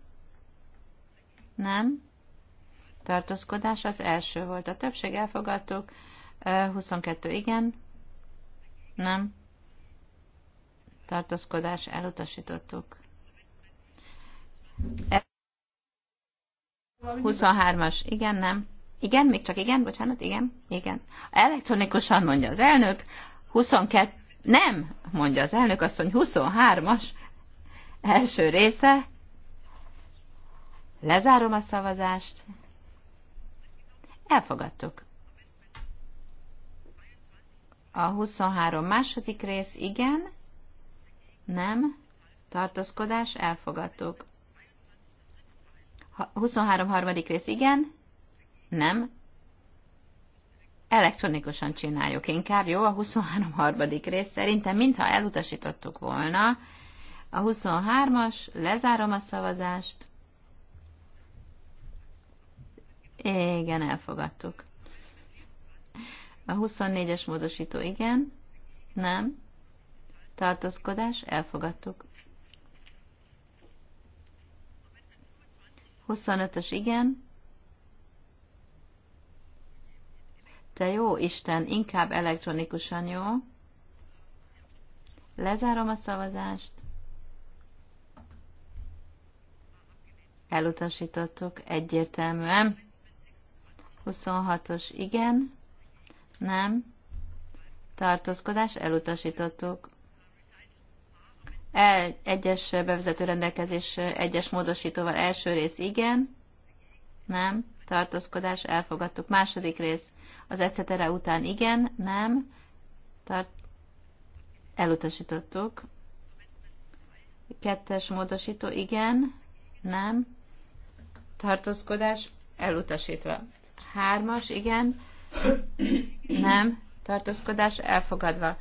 nem. Tartózkodás az első volt. A többség elfogadtuk. 22 igen, nem. Tartózkodás elutasítottuk. 23-as, igen, nem. Igen, még csak igen, bocsánat, igen, igen. Elektronikusan mondja az elnök, 22, nem, mondja az elnök azt mondja 23-as első része. Lezárom a szavazást. Elfogadtuk. A 23 második rész, igen, nem, tartózkodás, elfogadtuk. 23. harmadik rész igen, nem. Elektronikusan csináljuk inkább, jó? A 23. harmadik rész szerintem, mintha elutasítottuk volna. A 23-as, lezárom a szavazást. Igen, elfogadtuk. A 24-es módosító igen, nem. Tartózkodás, elfogadtuk. 25-ös igen. Te jó Isten, inkább elektronikusan jó. Lezárom a szavazást. Elutasítottuk egyértelműen. 26-os igen, nem. Tartózkodás elutasítottuk egyes bevezető rendelkezés egyes módosítóval első rész igen, nem, tartózkodás, elfogadtuk. Második rész az etc. után igen, nem, tart, elutasítottuk. Kettes módosító igen, nem, tartózkodás, elutasítva. Hármas, igen, nem, tartózkodás, elfogadva.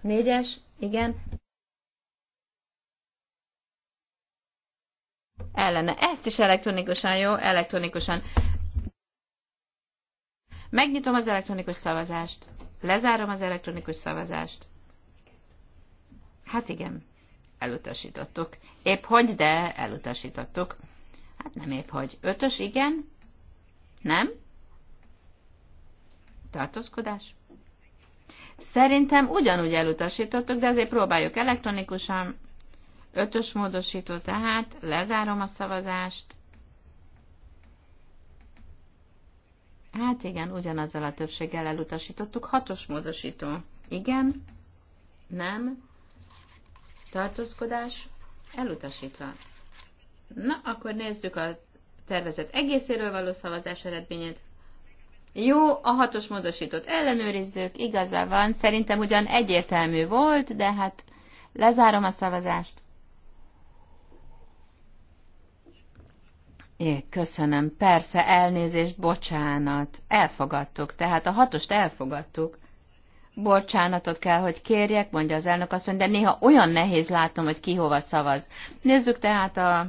Négyes, igen, ellene. Ezt is elektronikusan, jó? Elektronikusan. Megnyitom az elektronikus szavazást. Lezárom az elektronikus szavazást. Hát igen, elutasítottuk. Épp hogy, de elutasítottuk. Hát nem épp hogy. Ötös, igen? Nem? Tartózkodás? Szerintem ugyanúgy elutasítottuk, de azért próbáljuk elektronikusan. Ötös módosító tehát, lezárom a szavazást. Hát igen, ugyanazzal a többséggel elutasítottuk. Hatos módosító. Igen, nem, tartózkodás, elutasítva. Na, akkor nézzük a tervezet egészéről való szavazás eredményét. Jó, a hatos módosítót ellenőrizzük, igaza van, szerintem ugyan egyértelmű volt, de hát lezárom a szavazást. É, köszönöm, persze, elnézést, bocsánat. Elfogadtuk, tehát a hatost elfogadtuk. Bocsánatot kell, hogy kérjek, mondja az elnök asszony, de néha olyan nehéz látnom, hogy ki hova szavaz. Nézzük tehát a,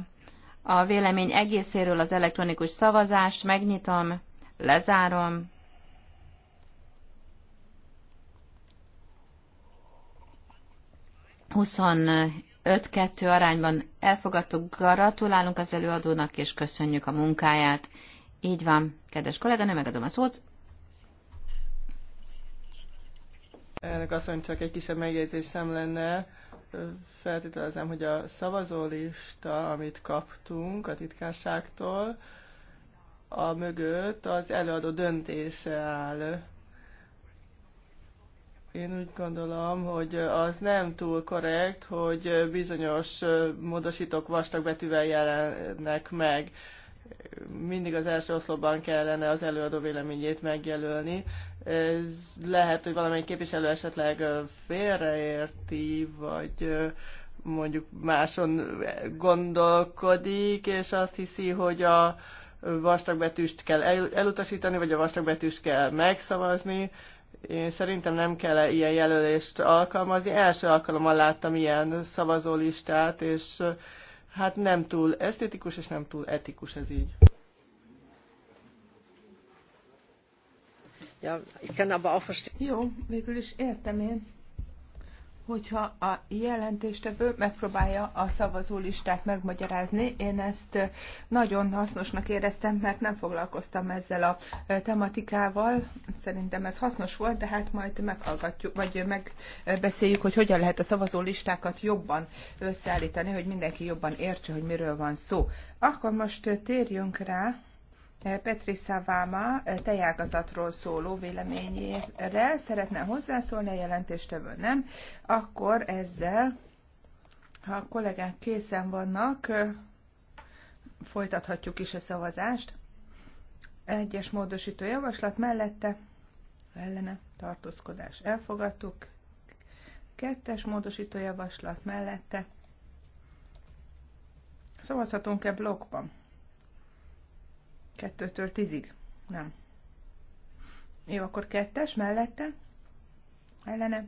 a vélemény egészéről az elektronikus szavazást, megnyitom, lezárom. Huszon 5-2 arányban elfogadtuk, gratulálunk az előadónak, és köszönjük a munkáját. Így van, kedves nem megadom a szót. azt mondja, csak egy kisebb megjegyzésem lenne. Feltételezem, hogy a szavazólista, amit kaptunk a titkárságtól, a mögött az előadó döntése áll. Én úgy gondolom, hogy az nem túl korrekt, hogy bizonyos módosítók vastag betűvel jelennek meg. Mindig az első oszlopban kellene az előadó véleményét megjelölni. Ez lehet, hogy valamelyik képviselő esetleg félreérti, vagy mondjuk máson gondolkodik, és azt hiszi, hogy a vastagbetűst kell elutasítani, vagy a vastagbetűst kell megszavazni én szerintem nem kell -e ilyen jelölést alkalmazni. Első alkalommal láttam ilyen szavazólistát, és hát nem túl esztétikus, és nem túl etikus ez így. Ja, ich kann aber auch verstehen. Jó, végül is értem én hogyha a jelentéstevő megpróbálja a szavazólistát megmagyarázni. Én ezt nagyon hasznosnak éreztem, mert nem foglalkoztam ezzel a tematikával. Szerintem ez hasznos volt, de hát majd meghallgatjuk, vagy megbeszéljük, hogy hogyan lehet a szavazólistákat jobban összeállítani, hogy mindenki jobban értse, hogy miről van szó. Akkor most térjünk rá Petri Szaváma tejágazatról szóló véleményére szeretne hozzászólni a jelentéstevő, nem? Akkor ezzel, ha a kollégák készen vannak, folytathatjuk is a szavazást. Egyes módosító javaslat mellette ellene tartózkodás elfogadtuk. Kettes módosító javaslat mellette szavazhatunk-e blokkban? Kettőtől tízig? Nem. Jó, akkor kettes mellette? Ellene?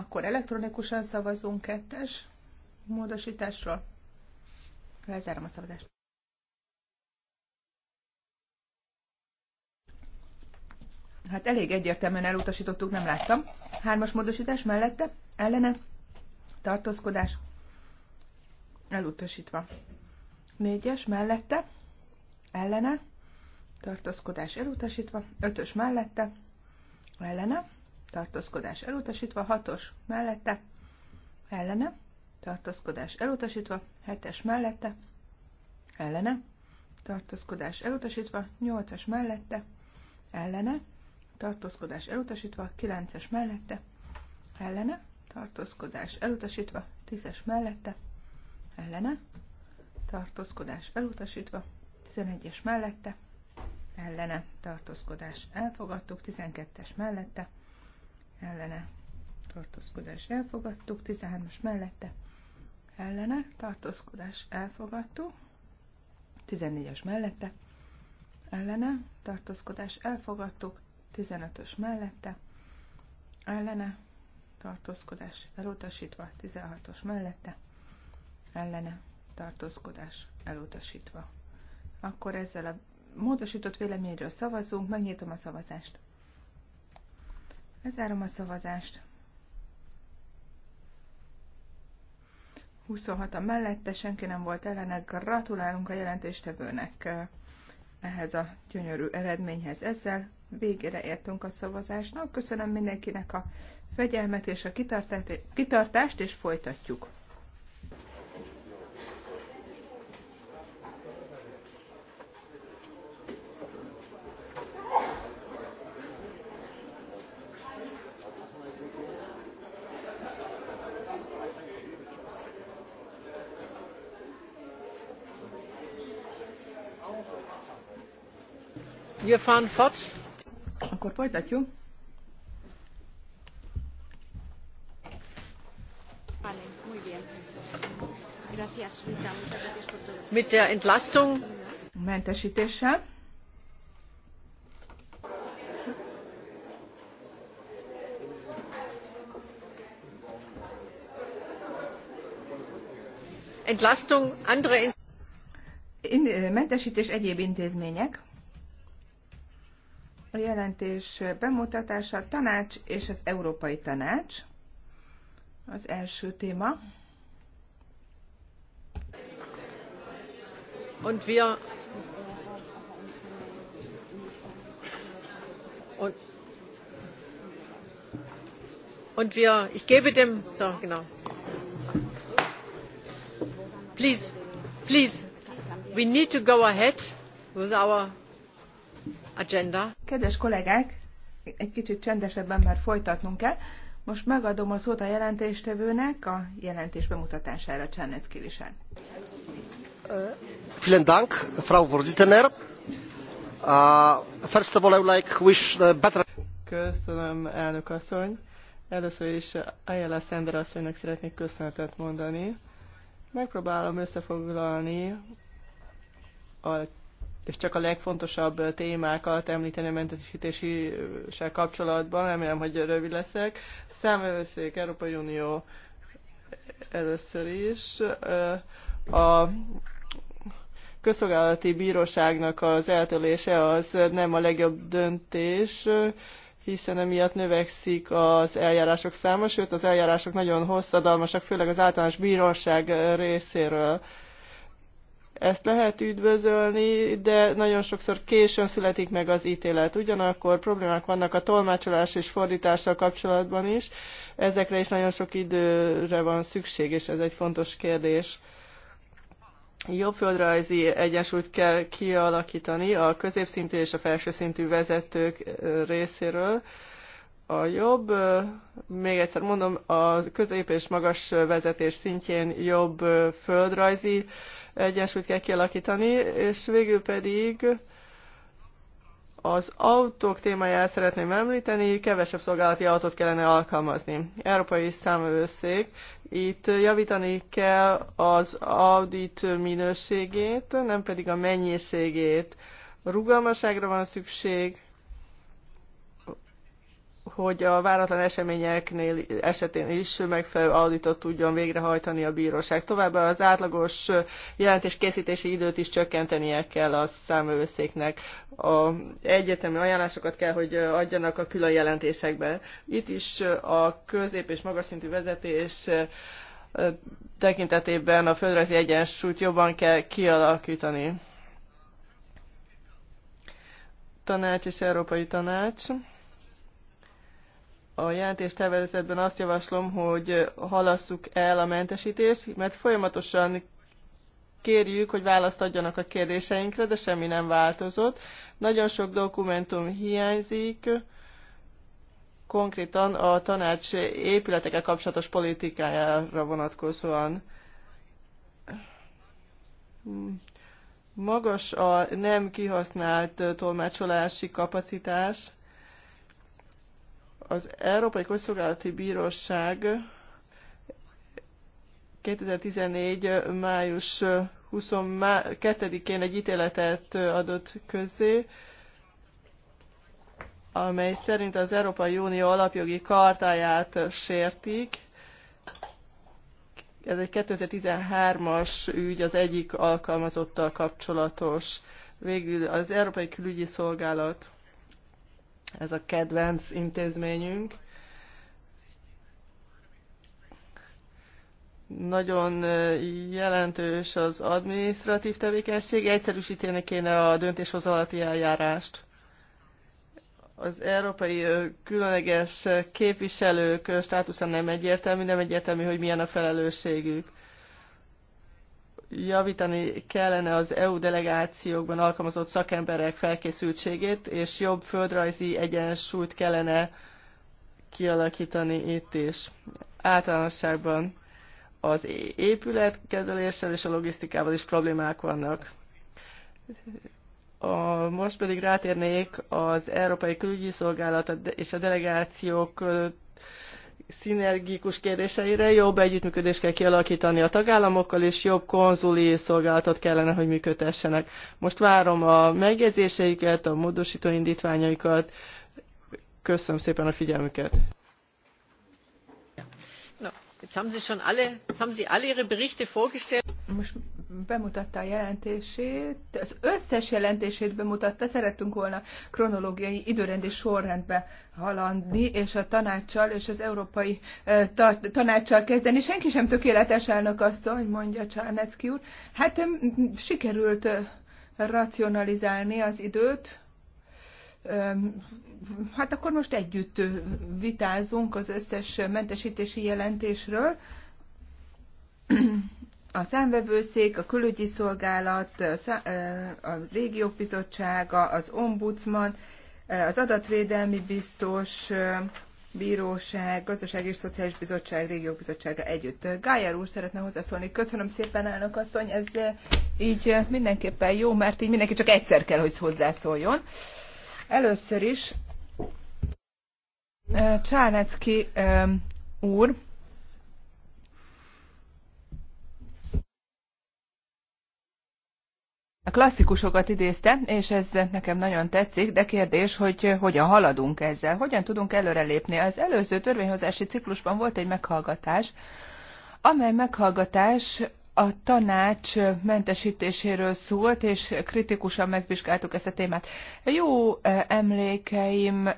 Akkor elektronikusan szavazunk kettes módosításról. Lezárom a szavazást. Hát elég egyértelműen elutasítottuk, nem láttam. Hármas módosítás mellette, ellene, tartózkodás, elutasítva. Négyes mellette, ellene, tartózkodás elutasítva. Ötös mellette, ellene, tartózkodás elutasítva. Hatos mellette, ellene, tartózkodás elutasítva. Hetes mellette, ellene, tartózkodás elutasítva. Nyolcas mellette, ellene, tartózkodás elutasítva. Kilences mellette, ellene, tartózkodás elutasítva. Tízes mellette, ellene, tartózkodás elutasítva, 11-es mellette, ellene tartózkodás elfogadtuk, 12-es mellette, ellene tartózkodás elfogadtuk, 13-as mellette, ellene tartózkodás elfogadtuk, 14-es mellette, ellene tartózkodás elfogadtuk, 15-ös mellette, ellene tartózkodás elutasítva, 16-os mellette, ellene tartózkodás elutasítva. Akkor ezzel a módosított véleményről szavazunk, megnyitom a szavazást. Lezárom a szavazást. 26 a mellette, senki nem volt ellene. Gratulálunk a jelentéstevőnek eh, ehhez a gyönyörű eredményhez. Ezzel végére értünk a szavazásnak. Köszönöm mindenkinek a fegyelmet és a kitartást, és folytatjuk. Wir fahren fort. Akkor folytatjuk. Mit der Entlastung. Mentesítéssel. Entlastung andere in, mentesítés egyéb intézmények. A jelentés bemutatása a tanács és az Európai Tanács. Az első téma. Und wir und, und wir ich gebe dem so genau please please we need to go ahead with our agenda. Kedves kollégák, egy kicsit csendesebben már folytatnunk kell. Most megadom a szót a jelentéstevőnek a jelentés bemutatására Csernecki Lisán. Uh, vielen Dank, Frau Vorsitzender. Uh, first of all, I would like wish better... Köszönöm, elnök asszony. Először is Ayala Szender asszonynak szeretnék köszönetet mondani. Megpróbálom összefoglalni a és csak a legfontosabb témákat említeni a mentesítéssel kapcsolatban, remélem, hogy rövid leszek. Számvevőszék, Európai Unió először is. A közszolgálati bíróságnak az eltölése az nem a legjobb döntés, hiszen emiatt növekszik az eljárások száma, sőt az eljárások nagyon hosszadalmasak, főleg az általános bíróság részéről ezt lehet üdvözölni, de nagyon sokszor későn születik meg az ítélet. Ugyanakkor problémák vannak a tolmácsolás és fordítással kapcsolatban is. Ezekre is nagyon sok időre van szükség, és ez egy fontos kérdés jobb földrajzi egyensúlyt kell kialakítani a középszintű és a felső szintű vezetők részéről. A jobb, még egyszer mondom, a közép és magas vezetés szintjén jobb földrajzi egyensúlyt kell kialakítani, és végül pedig az autók témáját szeretném említeni, kevesebb szolgálati autót kellene alkalmazni. Európai számövőszék, itt javítani kell az audit minőségét, nem pedig a mennyiségét. Rugalmaságra van szükség, hogy a váratlan eseményeknél esetén is megfelelő auditot tudjon végrehajtani a bíróság. Továbbá az átlagos jelentés készítési időt is csökkentenie kell a számövőszéknek. A egyetemi ajánlásokat kell, hogy adjanak a külön jelentésekben. Itt is a közép és magas szintű vezetés tekintetében a földrajzi egyensúlyt jobban kell kialakítani. Tanács és Európai Tanács a jelentés azt javaslom, hogy halasszuk el a mentesítést, mert folyamatosan kérjük, hogy választ adjanak a kérdéseinkre, de semmi nem változott. Nagyon sok dokumentum hiányzik, konkrétan a tanács épületekkel kapcsolatos politikájára vonatkozóan. Magas a nem kihasznált tolmácsolási kapacitás, az Európai Közszolgálati Bíróság 2014. május 22-én egy ítéletet adott közzé, amely szerint az Európai Unió alapjogi kartáját sértik. Ez egy 2013-as ügy, az egyik alkalmazottal kapcsolatos. Végül az Európai Külügyi Szolgálat ez a kedvenc intézményünk. Nagyon jelentős az adminisztratív tevékenység, egyszerűsíteni kéne a döntéshozalati eljárást az európai különleges képviselők státusza nem egyértelmű, nem egyértelmű, hogy milyen a felelősségük javítani kellene az EU delegációkban alkalmazott szakemberek felkészültségét, és jobb földrajzi egyensúlyt kellene kialakítani itt is. Általánosságban az épületkezeléssel és a logisztikával is problémák vannak. A, most pedig rátérnék az Európai Külügyi Szolgálat és a delegációk szinergikus kérdéseire jobb együttműködést kell kialakítani a tagállamokkal, és jobb konzuli szolgálatot kellene, hogy működhessenek. Most várom a megjegyzéseiket, a módosító indítványaikat. Köszönöm szépen a figyelmüket. Most bemutatta a jelentését, az összes jelentését bemutatta, szerettünk volna kronológiai időrendi sorrendbe halandni, és a tanácssal és az európai ta, tanácssal kezdeni. Senki sem tökéletes elnök asszony, mondja Csárnecki úr. Hát sikerült racionalizálni az időt, hát akkor most együtt vitázunk az összes mentesítési jelentésről a számvevőszék, a külügyi szolgálat, a régiók bizottsága, az ombudsman, az adatvédelmi biztos, bíróság, gazdaság és szociális bizottság, régiók bizottsága együtt. Gájár úr szeretne hozzászólni. Köszönöm szépen, elnök asszony, ez így mindenképpen jó, mert így mindenki csak egyszer kell, hogy hozzászóljon. Először is Csárnecki úr, a klasszikusokat idézte, és ez nekem nagyon tetszik, de kérdés, hogy hogyan haladunk ezzel, hogyan tudunk előrelépni. Az előző törvényhozási ciklusban volt egy meghallgatás, amely meghallgatás a tanács mentesítéséről szólt, és kritikusan megvizsgáltuk ezt a témát. Jó emlékeim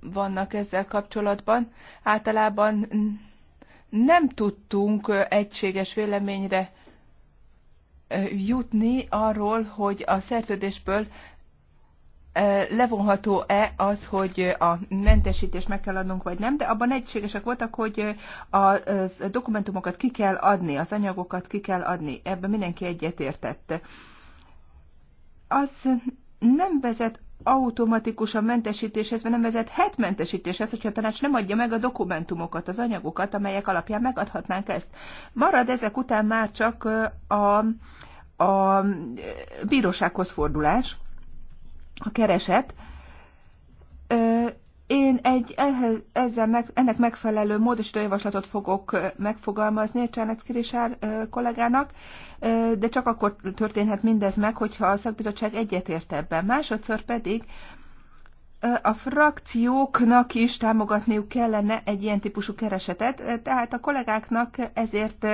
vannak ezzel kapcsolatban. Általában nem tudtunk egységes véleményre jutni arról, hogy a szerződésből levonható-e az, hogy a mentesítést meg kell adnunk, vagy nem, de abban egységesek voltak, hogy a dokumentumokat ki kell adni, az anyagokat ki kell adni. Ebben mindenki egyetértett. Az nem vezet automatikus a mentesítéshez, mert nem vezethet mentesítéshez, hogyha a tanács nem adja meg a dokumentumokat, az anyagokat, amelyek alapján megadhatnánk ezt. Marad ezek után már csak a, a bírósághoz fordulás, a kereset, én egy ehhez, ezzel meg, ennek megfelelő módosító javaslatot fogok megfogalmazni a Csánecki Risár kollégának, de csak akkor történhet mindez meg, hogyha a szakbizottság egyetért ebben. Másodszor pedig a frakcióknak is támogatniuk kellene egy ilyen típusú keresetet, tehát a kollégáknak ezért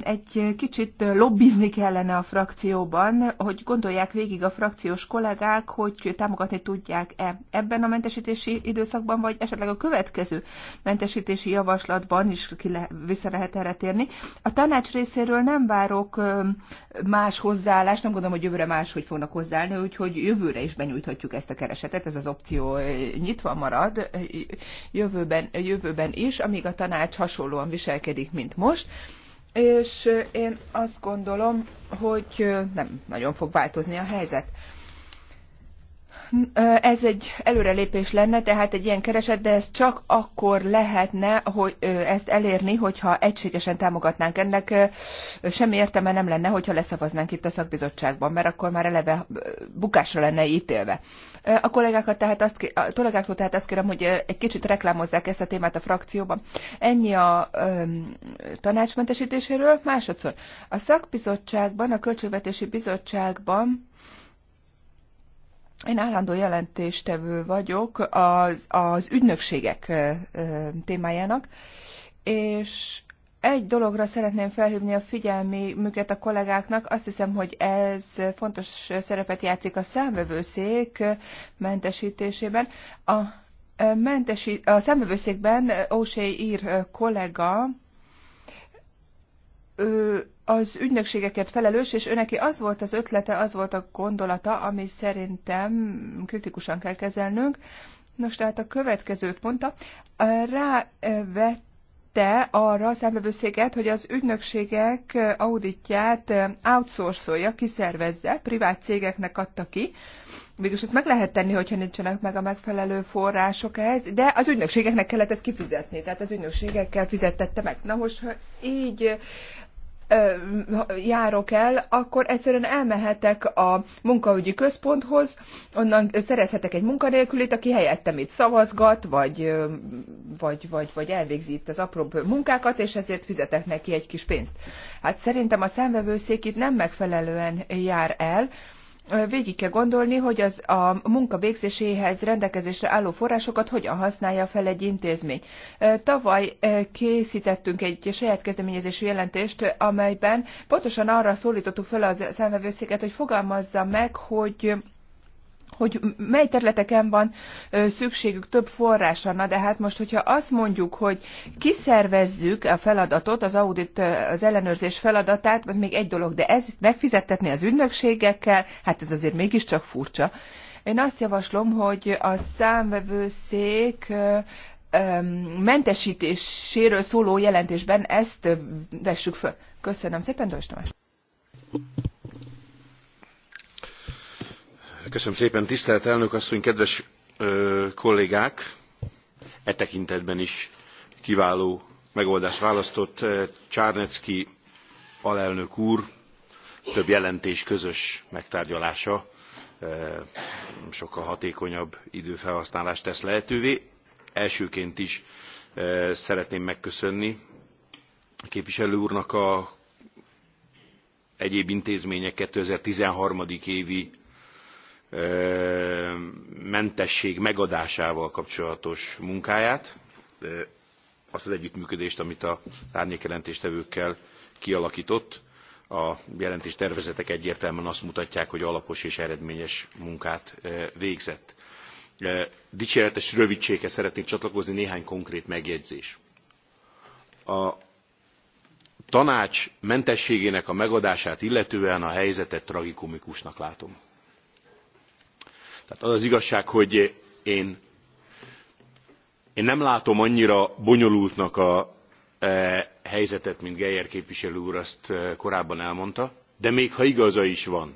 egy kicsit lobbizni kellene a frakcióban, hogy gondolják végig a frakciós kollégák, hogy támogatni tudják-e ebben a mentesítési időszakban, vagy esetleg a következő mentesítési javaslatban is ki le, vissza lehet erre térni. A tanács részéről nem várok más hozzáállást, nem gondolom, hogy jövőre máshogy fognak hozzáállni, úgyhogy jövőre is benyújthatjuk ezt a keresetet, ez az opció nyitva marad jövőben, jövőben is, amíg a tanács hasonlóan viselkedik, mint most. És én azt gondolom, hogy nem nagyon fog változni a helyzet. Ez egy előrelépés lenne, tehát egy ilyen kereset, de ez csak akkor lehetne hogy ezt elérni, hogyha egységesen támogatnánk. Ennek semmi értelme nem lenne, hogyha leszavaznánk itt a szakbizottságban, mert akkor már eleve bukásra lenne ítélve. A kollégákat tehát azt, a kollégáktól tehát azt kérem, hogy egy kicsit reklámozzák ezt a témát a frakcióban. Ennyi a um, tanácsmentesítéséről. Másodszor, a szakbizottságban, a Költségvetési Bizottságban én állandó jelentéstevő vagyok az, az ügynökségek témájának, és egy dologra szeretném felhívni a figyelmüket a kollégáknak. Azt hiszem, hogy ez fontos szerepet játszik a számvevőszék mentesítésében. A, mentesi, a számvevőszékben Ósé ír kollega, ő az ügynökségeket felelős, és öneki az volt az ötlete, az volt a gondolata, ami szerintem kritikusan kell kezelnünk. Nos, tehát a következőt mondta, rávette arra a számbevőszéget, hogy az ügynökségek auditját outsourcolja, kiszervezze, privát cégeknek adta ki, Végülis ezt meg lehet tenni, hogyha nincsenek meg a megfelelő források ehhez, de az ügynökségeknek kellett ezt kifizetni, tehát az ügynökségekkel fizettette meg. Na most, ha így járok el, akkor egyszerűen elmehetek a munkaügyi központhoz, onnan szerezhetek egy munkanélkülét, aki helyettem itt szavazgat, vagy, vagy, vagy, vagy elvégzi itt az apróbb munkákat, és ezért fizetek neki egy kis pénzt. Hát szerintem a szemvevőszék itt nem megfelelően jár el, végig kell gondolni, hogy az a munka végzéséhez rendelkezésre álló forrásokat hogyan használja fel egy intézmény. Tavaly készítettünk egy saját kezdeményezésű jelentést, amelyben pontosan arra szólítottuk fel a számvevőszéket, hogy fogalmazza meg, hogy hogy mely területeken van szükségük több forrásra. Na de hát most, hogyha azt mondjuk, hogy kiszervezzük a feladatot, az audit, az ellenőrzés feladatát, az még egy dolog, de ez megfizettetni az ünnökségekkel, hát ez azért mégiscsak furcsa. Én azt javaslom, hogy a számvevőszék mentesítéséről szóló jelentésben ezt vessük föl. Köszönöm szépen, Dajs Köszönöm szépen, tisztelt elnök asszony, kedves ö, kollégák! E tekintetben is kiváló megoldást választott czarnecki alelnök úr több jelentés közös megtárgyalása sokkal hatékonyabb időfelhasználást tesz lehetővé. elsőként is szeretném megköszönni a képviselő úrnak a egyéb intézmények two thousand and thirteen évi mentesség megadásával kapcsolatos munkáját, azt az együttműködést, amit a árnyékjelentéstevőkkel kialakított. A jelentés tervezetek egyértelműen azt mutatják, hogy alapos és eredményes munkát végzett. Dicséretes rövidséghez szeretnék csatlakozni néhány konkrét megjegyzés. A tanács mentességének a megadását illetően a helyzetet tragikomikusnak látom tehát az az igazság, hogy én, én nem látom annyira bonyolultnak a e, helyzetet, mint Geyer képviselő úr azt e, korábban elmondta, de még ha igaza is van,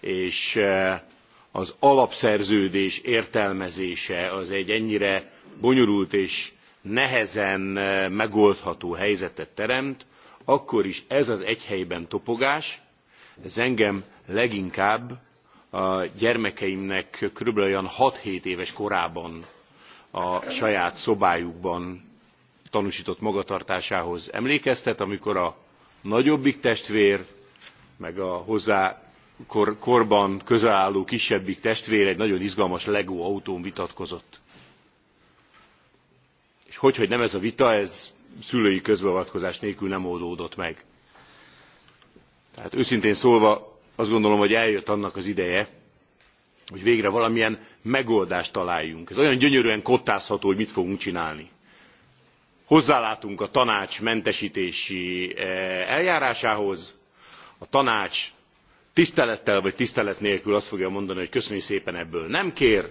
és e, az alapszerződés értelmezése az egy ennyire bonyolult és nehezen e, megoldható helyzetet teremt, akkor is ez az egy helyben topogás, ez engem leginkább a gyermekeimnek kb. olyan 6-7 éves korában a saját szobájukban tanúsított magatartásához emlékeztet, amikor a nagyobbik testvér, meg a hozzá kor, korban álló kisebbik testvér egy nagyon izgalmas Lego autón vitatkozott. És hogy, hogy nem ez a vita, ez szülői közbeavatkozás nélkül nem oldódott meg. Tehát őszintén szólva azt gondolom hogy eljött annak az ideje hogy végre valamilyen megoldást találjunk. ez olyan gyönyörűen kottázható hogy mit fogunk csinálni. hozzálátunk a tanács mentestési eh, eljárásához a tanács tisztelettel vagy tisztelet nélkül azt fogja mondani hogy köszönjük szépen ebből nem kér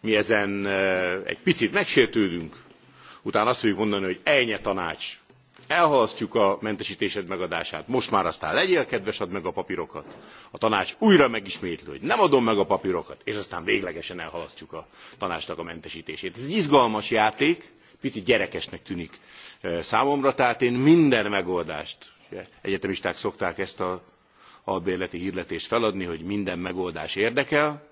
mi ezen eh, egy picit megsértődünk utána azt fogjuk mondani hogy ejnye tanács elhalasztjuk a mentestésed megadását most már aztán legyél kedves add meg a papírokat a tanács újra megismétli hogy nem adom meg a papírokat és aztán véglegesen elhalasztjuk a tanácsnak a mentestését. ez egy izgalmas játék picit gyerekesnek tűnik e, számomra tehát én minden megoldást egyetemisták szokták ezt a albérleti hirdetést feladni hogy minden megoldás érdekel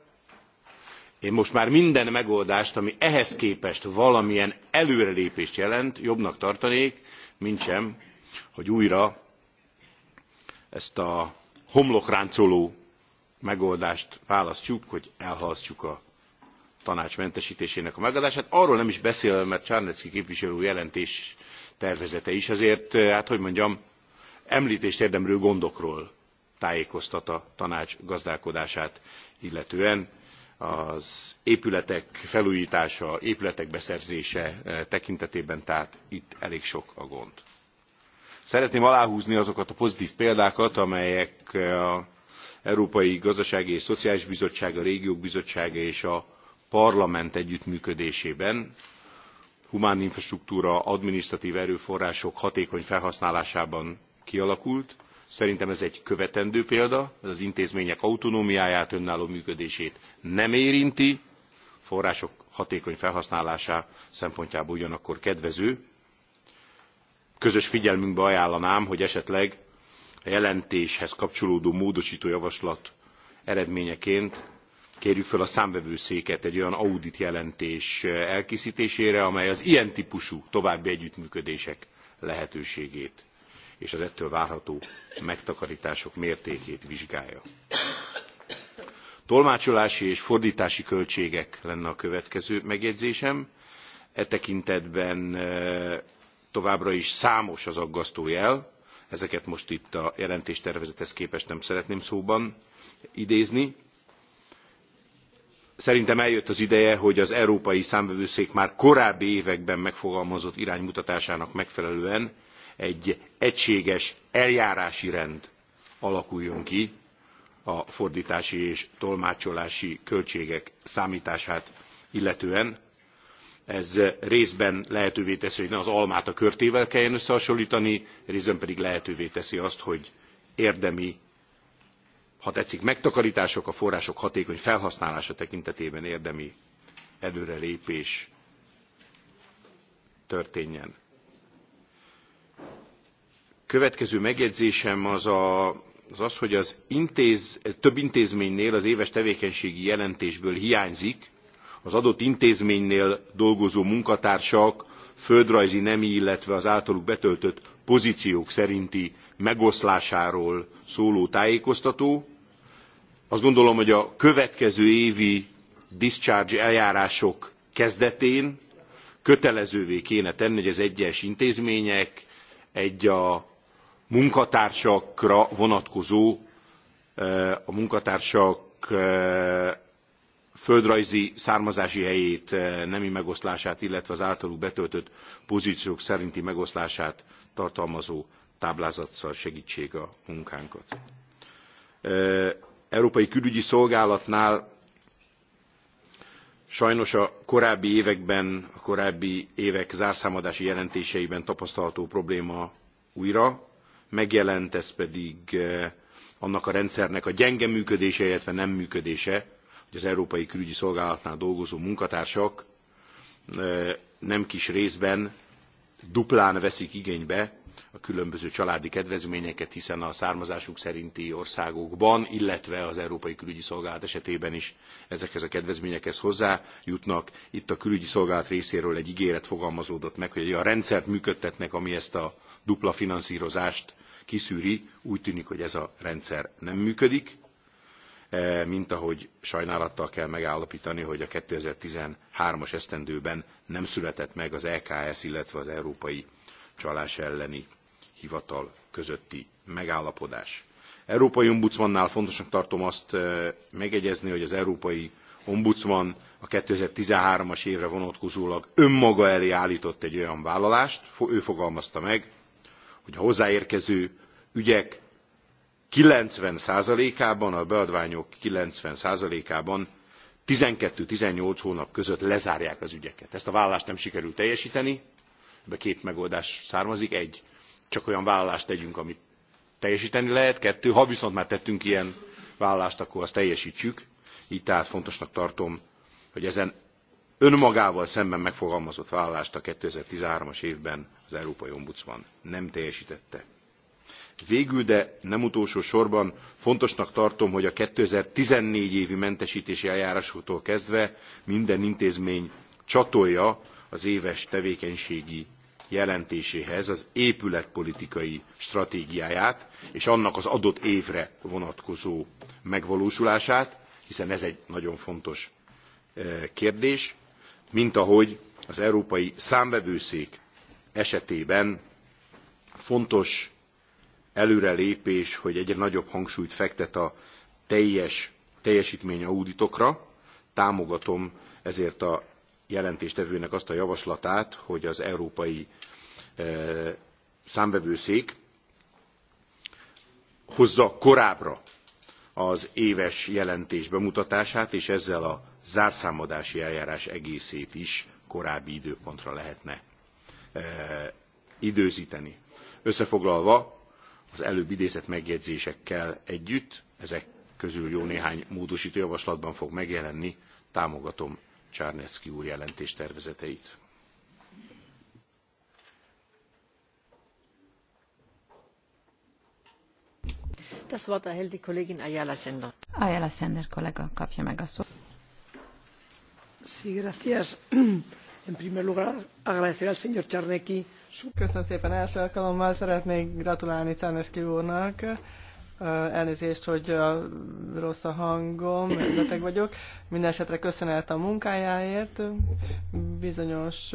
én most már minden megoldást ami ehhez képest valamilyen előrelépést jelent jobbnak tartanék mintsem, hogy újra ezt a homlokráncoló megoldást választjuk, hogy elhalasztjuk a tanács mentesítésének a megadását. Arról nem is beszélve, mert Csárnecki képviselő jelentés tervezete is azért, eh, hát hogy mondjam, említést érdemlő gondokról tájékoztat a tanács gazdálkodását illetően az épületek felújítása, épületek beszerzése eh, tekintetében, tehát itt elég sok a gond. Szeretném aláhúzni azokat a pozitív példákat, amelyek eh, a Európai Gazdasági és Szociális Bizottság, a Régiók Bizottsága és a Parlament együttműködésében humán infrastruktúra, adminisztratív erőforrások hatékony felhasználásában kialakult, szerintem ez egy követendő példa ez az intézmények autonómiáját önálló működését nem érinti források hatékony felhasználása szempontjából ugyanakkor kedvező. közös figyelmünkbe ajánlanám hogy esetleg a jelentéshez kapcsolódó módostó javaslat eredményeként kérjük fel a számvevőszéket egy olyan audit jelentés elkésztésére amely az ilyen tpusú további együttműködések lehetőségét és az ettől várható megtakarítások mértékét vizsgálja. Tolmácsolási és fordítási költségek lenne a következő megjegyzésem. E tekintetben e, továbbra is számos az aggasztó jel, ezeket most itt a jelentéstervezethez képest nem szeretném szóban idézni. Szerintem eljött az ideje, hogy az Európai Számvevőszék már korábbi években megfogalmazott iránymutatásának megfelelően egy egységes eljárási rend alakuljon ki a fordtási és tolmácsolási költségek számtását illetően. ez részben lehetővé teszi hogy ne az almát a körtével kelljen összehasonltani részben pedig lehetővé teszi azt hogy érdemi ha tetszik megtakartások a források hatékony felhasználása tekintetében érdemi előrelépés történjen következő megjegyzésem az az, hogy az intéz, több intézménynél az éves tevékenységi jelentésből hiányzik az adott intézménynél dolgozó munkatársak földrajzi nemi illetve az általuk betöltött pozciók szerinti megoszlásáról szóló tájékoztató. azt gondolom hogy a következő évi discharge eljárások kezdetén kötelezővé kéne tenni hogy az egyes intézmények egy a munkatársakra vonatkozó a munkatársak földrajzi származási helyét nemi megoszlását illetve az általuk betöltött pozciók szerinti megoszlását tartalmazó táblázattal segtsék a munkánkat. európai külügyi szolgálatnál sajnos a korábbi években a korábbi évek zárszámadási jelentéseiben tapasztalható probléma újra megjelent, ez pedig eh, annak a rendszernek a gyenge működése, illetve nem működése, hogy az Európai Külügyi Szolgálatnál dolgozó munkatársak eh, nem kis részben duplán veszik igénybe a különböző családi kedvezményeket, hiszen a származásuk szerinti országokban, illetve az Európai Külügyi Szolgálat esetében is ezekhez a kedvezményekhez hozzájutnak. Itt a külügyi szolgálat részéről egy ígéret fogalmazódott meg, hogy a rendszert működtetnek, ami ezt a dupla finanszírozást kiszűri. Úgy tűnik, hogy ez a rendszer nem működik, e, mint ahogy sajnálattal kell megállapítani, hogy a 2013-as esztendőben nem született meg az EKS, illetve az Európai Csalás elleni Hivatal közötti megállapodás. Európai Ombudsmannál fontosnak tartom azt e, megegyezni, hogy az Európai Ombudsman a 2013-as évre vonatkozólag önmaga elé állított egy olyan vállalást, ő fogalmazta meg, hogy a hozzáérkező ügyek 90%-ában, a beadványok 90%-ában 12-18 hónap között lezárják az ügyeket. Ezt a vállást nem sikerült teljesíteni, ebbe két megoldás származik. Egy, csak olyan vállalást tegyünk, amit teljesíteni lehet. Kettő, ha viszont már tettünk ilyen vállalást, akkor azt teljesítsük. Így tehát fontosnak tartom, hogy ezen önmagával szemben megfogalmazott vállalást a 2013-as évben az Európai Ombudsman nem teljesítette. Végül, de nem utolsó sorban fontosnak tartom, hogy a 2014 évi mentesítési eljárásoktól kezdve minden intézmény csatolja az éves tevékenységi jelentéséhez az épületpolitikai stratégiáját és annak az adott évre vonatkozó megvalósulását, hiszen ez egy nagyon fontos eh, kérdés mint ahogy az európai számvevőszék esetében fontos előrelépés hogy egyre nagyobb hangsúlyt fektet a teljes teljestményauditokra támogatom ezért a jelentéstevőnek azt a javaslatát hogy az európai eh, számvevőszék hozza korábbra az éves jelentés bemutatását, és ezzel a zárszámadási eljárás egészét is korábbi időpontra lehetne e, időzíteni. Összefoglalva, az előbb idézett megjegyzésekkel együtt, ezek közül jó néhány módosító javaslatban fog megjelenni, támogatom Csárnecki úr jelentés tervezeteit. Ayala Sender. kollega kapja meg a szót. Köszönöm szépen, első alkalommal szeretnék gratulálni Czarnecki úrnak. Elnézést, hogy rossz a hangom, beteg vagyok. Mindenesetre köszönet a munkájáért. Bizonyos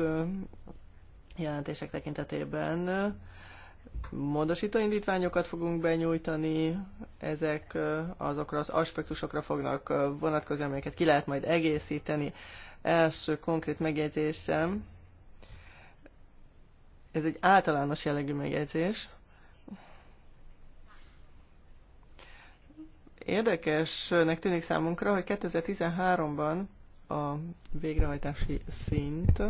jelentések tekintetében Módosító indítványokat fogunk benyújtani, ezek azokra az aspektusokra fognak vonatkozni, amelyeket ki lehet majd egészíteni. Első konkrét megjegyzésem, ez egy általános jellegű megjegyzés. Érdekesnek tűnik számunkra, hogy 2013-ban a végrehajtási szint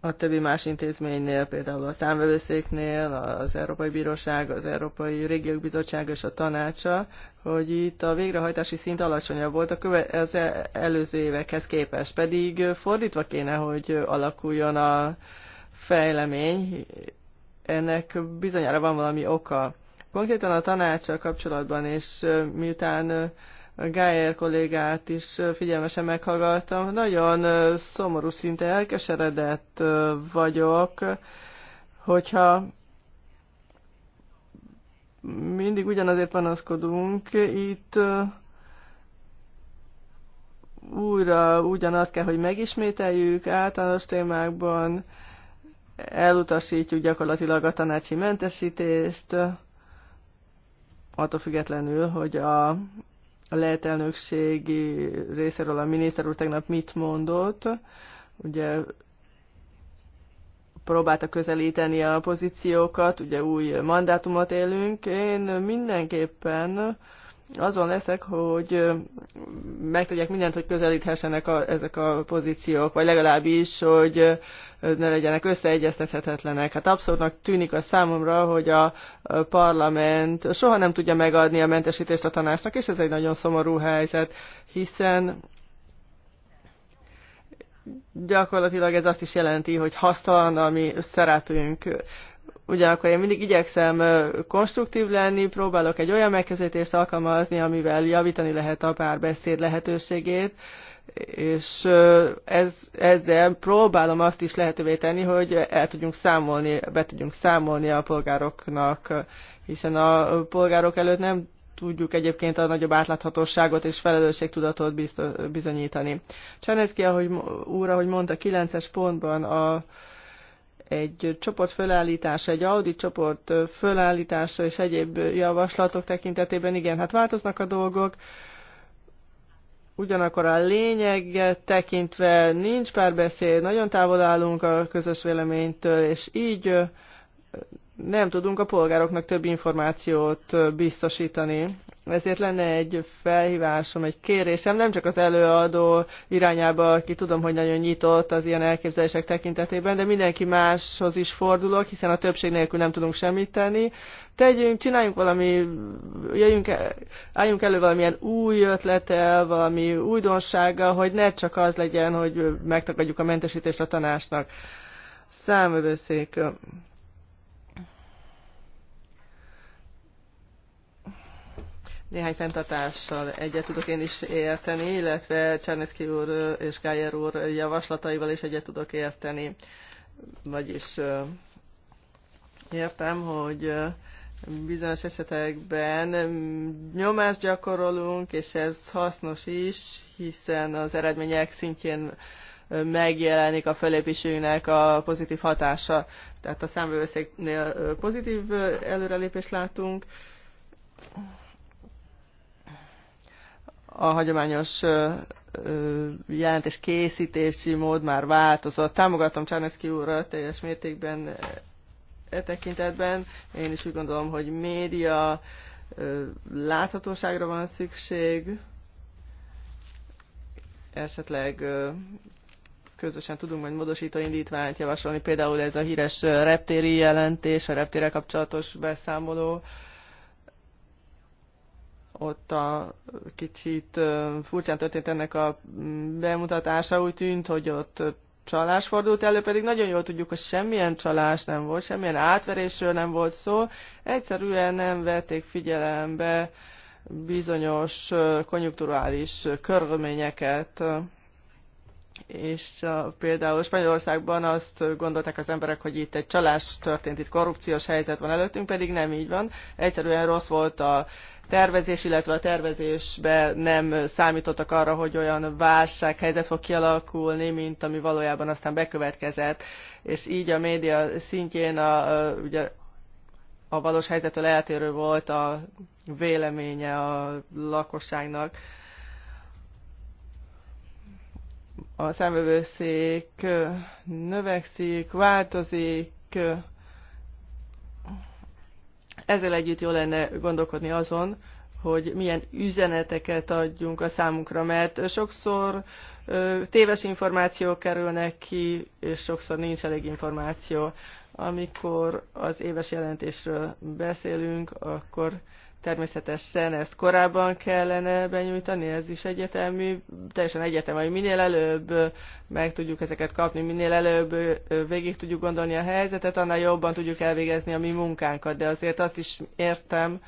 a többi más intézménynél, például a számvevőszéknél, az Európai Bíróság, az Európai Régiók Bizottság és a tanácsa, hogy itt a végrehajtási szint alacsonyabb volt a köve- az e- előző évekhez képest. Pedig fordítva kéne, hogy alakuljon a fejlemény, ennek bizonyára van valami oka. Konkrétan a tanácsa kapcsolatban, és miután Gájer kollégát is figyelmesen meghallgattam. Nagyon szomorú, szinte elkeseredett vagyok, hogyha mindig ugyanazért panaszkodunk, itt újra ugyanazt kell, hogy megismételjük általános témákban, elutasítjuk gyakorlatilag a tanácsi mentesítést, attól függetlenül, hogy a a lehet elnökségi részéről a miniszter úr tegnap mit mondott. Ugye próbálta közelíteni a pozíciókat, ugye új mandátumot élünk. Én mindenképpen azon leszek, hogy megtegyek mindent, hogy közelíthessenek a, ezek a pozíciók, vagy legalábbis, hogy ne legyenek összeegyeztethetetlenek. Hát abszurdnak tűnik a számomra, hogy a parlament soha nem tudja megadni a mentesítést a tanácsnak, és ez egy nagyon szomorú helyzet, hiszen gyakorlatilag ez azt is jelenti, hogy hasztalan a mi szerepünk. Ugyanakkor én mindig igyekszem konstruktív lenni, próbálok egy olyan megközelítést alkalmazni, amivel javítani lehet a párbeszéd lehetőségét, és ez, ezzel próbálom azt is lehetővé tenni, hogy el tudjunk számolni, be tudjunk számolni a polgároknak, hiszen a polgárok előtt nem tudjuk egyébként a nagyobb átláthatóságot és felelősségtudatot bizonyítani. Csaneszki, ahogy úr, ahogy mondta, 9-es pontban a, egy csoport fölállítása, egy audit csoport fölállítása és egyéb javaslatok tekintetében igen, hát változnak a dolgok, Ugyanakkor a lényeget tekintve nincs párbeszéd, nagyon távol állunk a közös véleménytől, és így nem tudunk a polgároknak több információt biztosítani. Ezért lenne egy felhívásom, egy kérésem, nem csak az előadó irányába, aki tudom, hogy nagyon nyitott az ilyen elképzelések tekintetében, de mindenki máshoz is fordulok, hiszen a többség nélkül nem tudunk semmit tenni. Tegyünk, csináljunk valami, jöjjünk, álljunk elő valamilyen új ötlettel, valami újdonsággal, hogy ne csak az legyen, hogy megtakadjuk a mentesítést a tanásnak. Számövőszék Néhány fenntartással egyet tudok én is érteni, illetve Csernecki úr és Gájer úr javaslataival is egyet tudok érteni. Vagyis értem, hogy bizonyos esetekben nyomást gyakorolunk, és ez hasznos is, hiszen az eredmények szintjén megjelenik a fölépésünknek a pozitív hatása. Tehát a számvőszéknél pozitív előrelépést látunk, a hagyományos jelentés készítési mód már változott. Támogatom Csáneszki úrra teljes mértékben e tekintetben. Én is úgy gondolom, hogy média láthatóságra van szükség, esetleg közösen tudunk majd módosító indítványt javasolni, például ez a híres reptéri jelentés, a reptére kapcsolatos beszámoló, ott a kicsit furcsán történt ennek a mm, bemutatása, úgy tűnt, hogy ott csalás fordult elő, pedig nagyon jól tudjuk, hogy semmilyen csalás nem volt, semmilyen átverésről nem volt szó, egyszerűen nem vették figyelembe bizonyos konjunkturális körülményeket, és a, például Spanyolországban azt gondolták az emberek, hogy itt egy csalás történt, itt korrupciós helyzet van előttünk, pedig nem így van. Egyszerűen rossz volt a tervezés, illetve a tervezésbe nem számítottak arra, hogy olyan válsághelyzet fog kialakulni, mint ami valójában aztán bekövetkezett. És így a média szintjén a, ugye a valós helyzetől eltérő volt a véleménye a lakosságnak. A számvevőszék növekszik, változik, ezzel együtt jó lenne gondolkodni azon, hogy milyen üzeneteket adjunk a számunkra, mert sokszor ö, téves információk kerülnek ki, és sokszor nincs elég információ. Amikor az éves jelentésről beszélünk, akkor Természetesen ezt korábban kellene benyújtani, ez is egyetemű, teljesen egyetem, hogy minél előbb meg tudjuk ezeket kapni, minél előbb végig tudjuk gondolni a helyzetet, annál jobban tudjuk elvégezni a mi munkánkat. De azért azt is értem,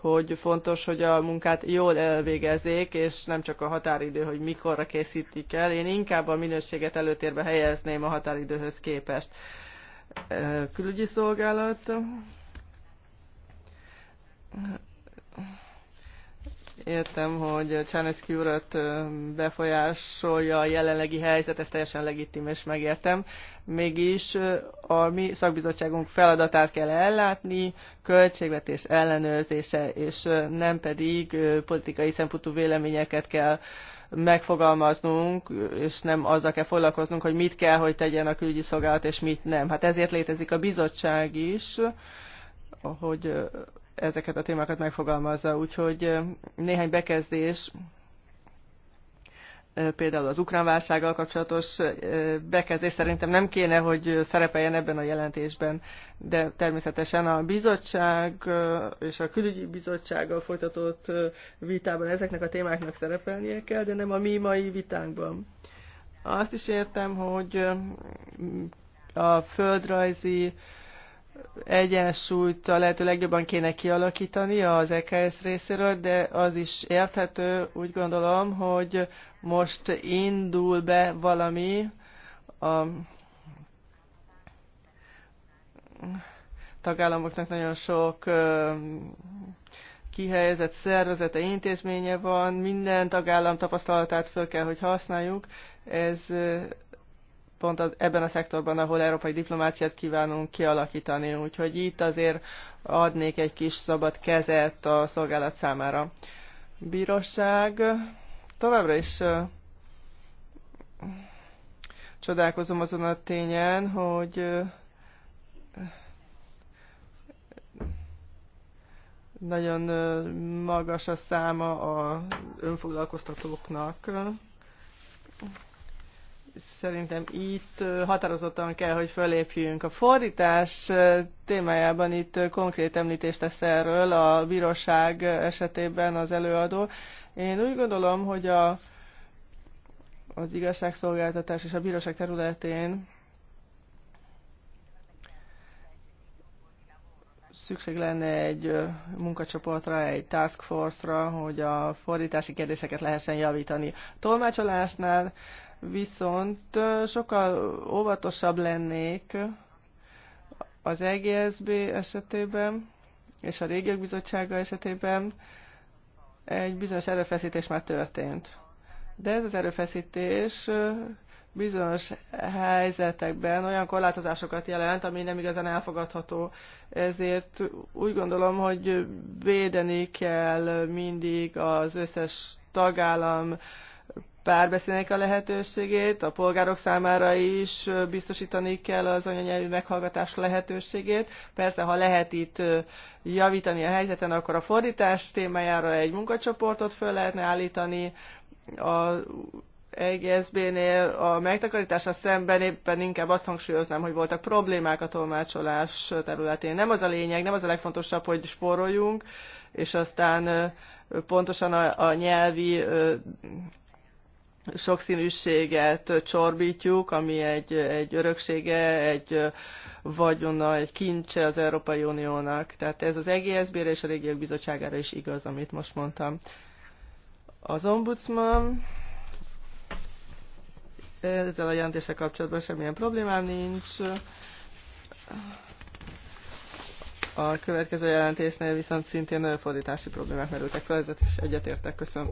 hogy fontos, hogy a munkát jól elvégezzék, és nem csak a határidő, hogy mikorra készítik el. Én inkább a minőséget előtérbe helyezném a határidőhöz képest. Külügyi szolgálat Értem, hogy Csáneszki urat befolyásolja a jelenlegi helyzet, ez teljesen legitim, és megértem. Mégis a mi szakbizottságunk feladatát kell ellátni, költségvetés ellenőrzése, és nem pedig politikai szempontú véleményeket kell megfogalmaznunk, és nem azzal kell foglalkoznunk, hogy mit kell, hogy tegyen a külügyi szolgálat, és mit nem. Hát ezért létezik a bizottság is, hogy ezeket a témákat megfogalmazza. Úgyhogy néhány bekezdés, például az ukrán válsággal kapcsolatos bekezdés szerintem nem kéne, hogy szerepeljen ebben a jelentésben, de természetesen a bizottság és a külügyi bizottsággal folytatott vitában ezeknek a témáknak szerepelnie kell, de nem a mi mai vitánkban. Azt is értem, hogy a földrajzi egyensúlyt a lehető legjobban kéne kialakítani az EKS részéről, de az is érthető, úgy gondolom, hogy most indul be valami a tagállamoknak nagyon sok kihelyezett szervezete, intézménye van, minden tagállam tapasztalatát föl kell, hogy használjuk. Ez pont az, ebben a szektorban, ahol európai diplomáciát kívánunk kialakítani. Úgyhogy itt azért adnék egy kis szabad kezet a szolgálat számára. Bíróság továbbra is csodálkozom azon a tényen, hogy nagyon magas a száma a önfoglalkoztatóknak szerintem itt határozottan kell, hogy fölépjünk. A fordítás témájában itt konkrét említést tesz erről a bíróság esetében az előadó. Én úgy gondolom, hogy a, az igazságszolgáltatás és a bíróság területén szükség lenne egy munkacsoportra, egy task force-ra, hogy a fordítási kérdéseket lehessen javítani. Tolmácsolásnál Viszont sokkal óvatosabb lennék az EGSB esetében és a régiók bizottsága esetében egy bizonyos erőfeszítés már történt. De ez az erőfeszítés bizonyos helyzetekben olyan korlátozásokat jelent, ami nem igazán elfogadható. Ezért úgy gondolom, hogy védeni kell mindig az összes tagállam párbeszédnek a lehetőségét, a polgárok számára is biztosítani kell az anyanyelvű meghallgatás lehetőségét. Persze, ha lehet itt javítani a helyzeten, akkor a fordítás témájára egy munkacsoportot föl lehetne állítani. A EGSB-nél a megtakarítása szemben éppen inkább azt hangsúlyoznám, hogy voltak problémák a tolmácsolás területén. Nem az a lényeg, nem az a legfontosabb, hogy sporoljunk, és aztán pontosan a, a nyelvi sokszínűséget csorbítjuk, ami egy, egy öröksége, egy vagyona, egy kincse az Európai Uniónak. Tehát ez az EGSB-re és a Régiók Bizottságára is igaz, amit most mondtam. Az ombudsman ezzel a jelentéssel kapcsolatban semmilyen problémám nincs. A következő jelentésnél viszont szintén fordítási problémák merültek fel, ezért is egyetértek. Köszönöm.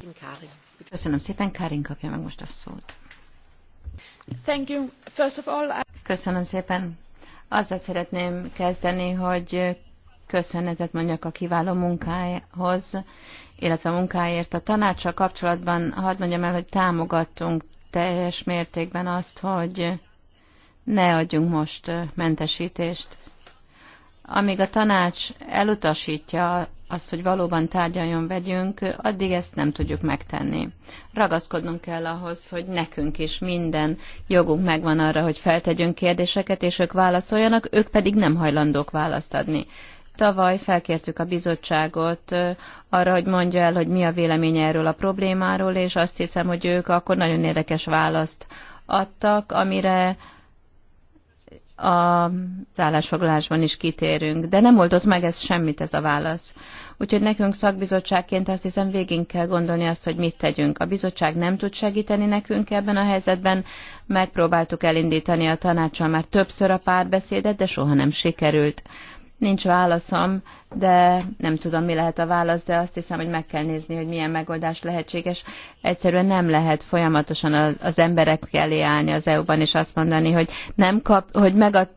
Köszönöm szépen. Kárin kapja meg most a szót. Thank you. First of all, I... Köszönöm szépen. Azzal szeretném kezdeni, hogy köszönetet mondjak a kiváló munkához, illetve a munkáért. A tanácssal kapcsolatban hadd mondjam el, hogy támogattunk teljes mértékben azt, hogy ne adjunk most mentesítést amíg a tanács elutasítja azt, hogy valóban tárgyaljon vegyünk, addig ezt nem tudjuk megtenni. Ragaszkodnunk kell ahhoz, hogy nekünk is minden jogunk megvan arra, hogy feltegyünk kérdéseket, és ők válaszoljanak, ők pedig nem hajlandók választ adni. Tavaly felkértük a bizottságot arra, hogy mondja el, hogy mi a véleménye erről a problémáról, és azt hiszem, hogy ők akkor nagyon érdekes választ adtak, amire az állásfoglalásban is kitérünk. De nem oldott meg ez semmit ez a válasz. Úgyhogy nekünk szakbizottságként azt hiszem végig kell gondolni azt, hogy mit tegyünk. A bizottság nem tud segíteni nekünk ebben a helyzetben. Megpróbáltuk elindítani a tanácsal már többször a párbeszédet, de soha nem sikerült. Nincs válaszom, de nem tudom, mi lehet a válasz, de azt hiszem, hogy meg kell nézni, hogy milyen megoldás lehetséges. Egyszerűen nem lehet folyamatosan az, az emberek elé állni az EU-ban, és azt mondani, hogy nem kap, hogy meg a,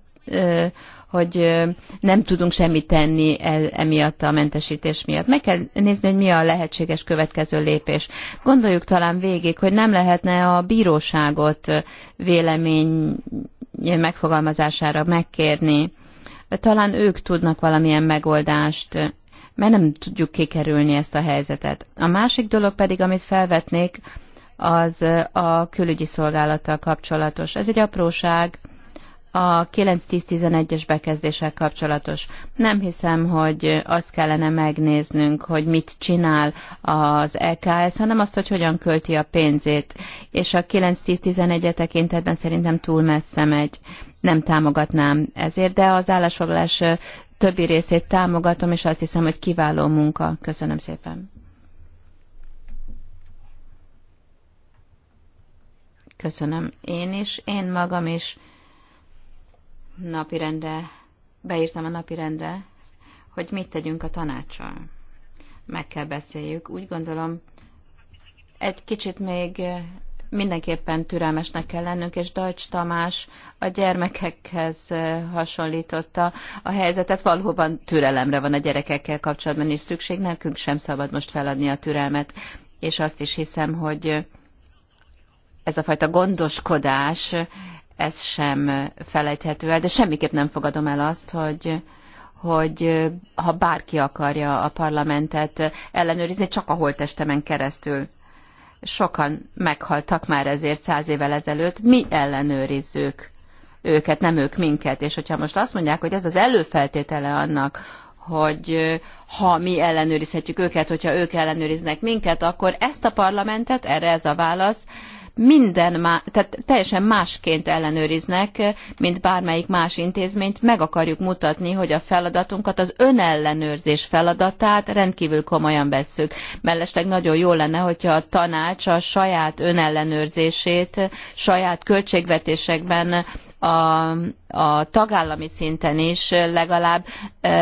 hogy nem tudunk semmit tenni emiatt a mentesítés miatt. Meg kell nézni, hogy mi a lehetséges következő lépés. Gondoljuk talán végig, hogy nem lehetne a bíróságot vélemény megfogalmazására megkérni talán ők tudnak valamilyen megoldást, mert nem tudjuk kikerülni ezt a helyzetet. A másik dolog pedig, amit felvetnék, az a külügyi szolgálattal kapcsolatos. Ez egy apróság, a 9-10-11-es bekezdéssel kapcsolatos. Nem hiszem, hogy azt kellene megnéznünk, hogy mit csinál az EKS, hanem azt, hogy hogyan költi a pénzét. És a 9-10-11-e tekintetben szerintem túl messze megy nem támogatnám ezért, de az állásfoglalás többi részét támogatom, és azt hiszem, hogy kiváló munka. Köszönöm szépen. Köszönöm én is, én magam is napirendre, beírtam a napirendre, hogy mit tegyünk a tanácssal. Meg kell beszéljük. Úgy gondolom, egy kicsit még mindenképpen türelmesnek kell lennünk, és Dajcs Tamás a gyermekekhez hasonlította a helyzetet. Valóban türelemre van a gyerekekkel kapcsolatban is szükség, nekünk sem szabad most feladni a türelmet, és azt is hiszem, hogy ez a fajta gondoskodás, ez sem felejthető el, de semmiképp nem fogadom el azt, hogy, hogy ha bárki akarja a parlamentet ellenőrizni, csak a holttestemen keresztül sokan meghaltak már ezért száz évvel ezelőtt, mi ellenőrizzük őket, nem ők minket. És hogyha most azt mondják, hogy ez az előfeltétele annak, hogy ha mi ellenőrizhetjük őket, hogyha ők ellenőriznek minket, akkor ezt a parlamentet, erre ez a válasz, minden má, tehát teljesen másként ellenőriznek, mint bármelyik más intézményt. Meg akarjuk mutatni, hogy a feladatunkat, az önellenőrzés feladatát rendkívül komolyan vesszük. Mellesleg nagyon jó lenne, hogyha a tanács a saját önellenőrzését saját költségvetésekben a, a tagállami szinten is legalább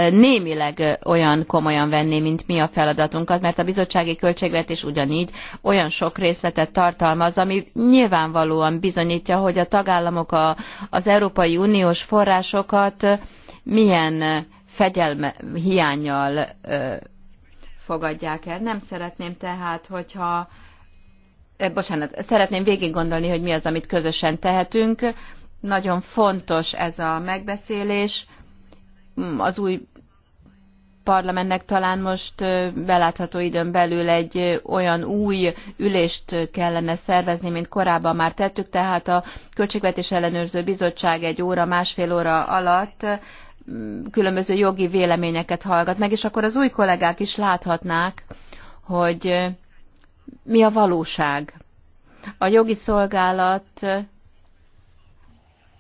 némileg olyan komolyan venni, mint mi a feladatunkat, mert a bizottsági költségvetés ugyanígy olyan sok részletet tartalmaz, ami nyilvánvalóan bizonyítja, hogy a tagállamok a, az Európai Uniós forrásokat milyen fegyelme hiányjal ö, fogadják el. Nem szeretném tehát, hogyha bocsánat, szeretném végig gondolni, hogy mi az, amit közösen tehetünk, nagyon fontos ez a megbeszélés. Az új parlamentnek talán most belátható időn belül egy olyan új ülést kellene szervezni, mint korábban már tettük, tehát a Költségvetés Ellenőrző Bizottság egy óra, másfél óra alatt különböző jogi véleményeket hallgat meg, és akkor az új kollégák is láthatnák, hogy mi a valóság. A jogi szolgálat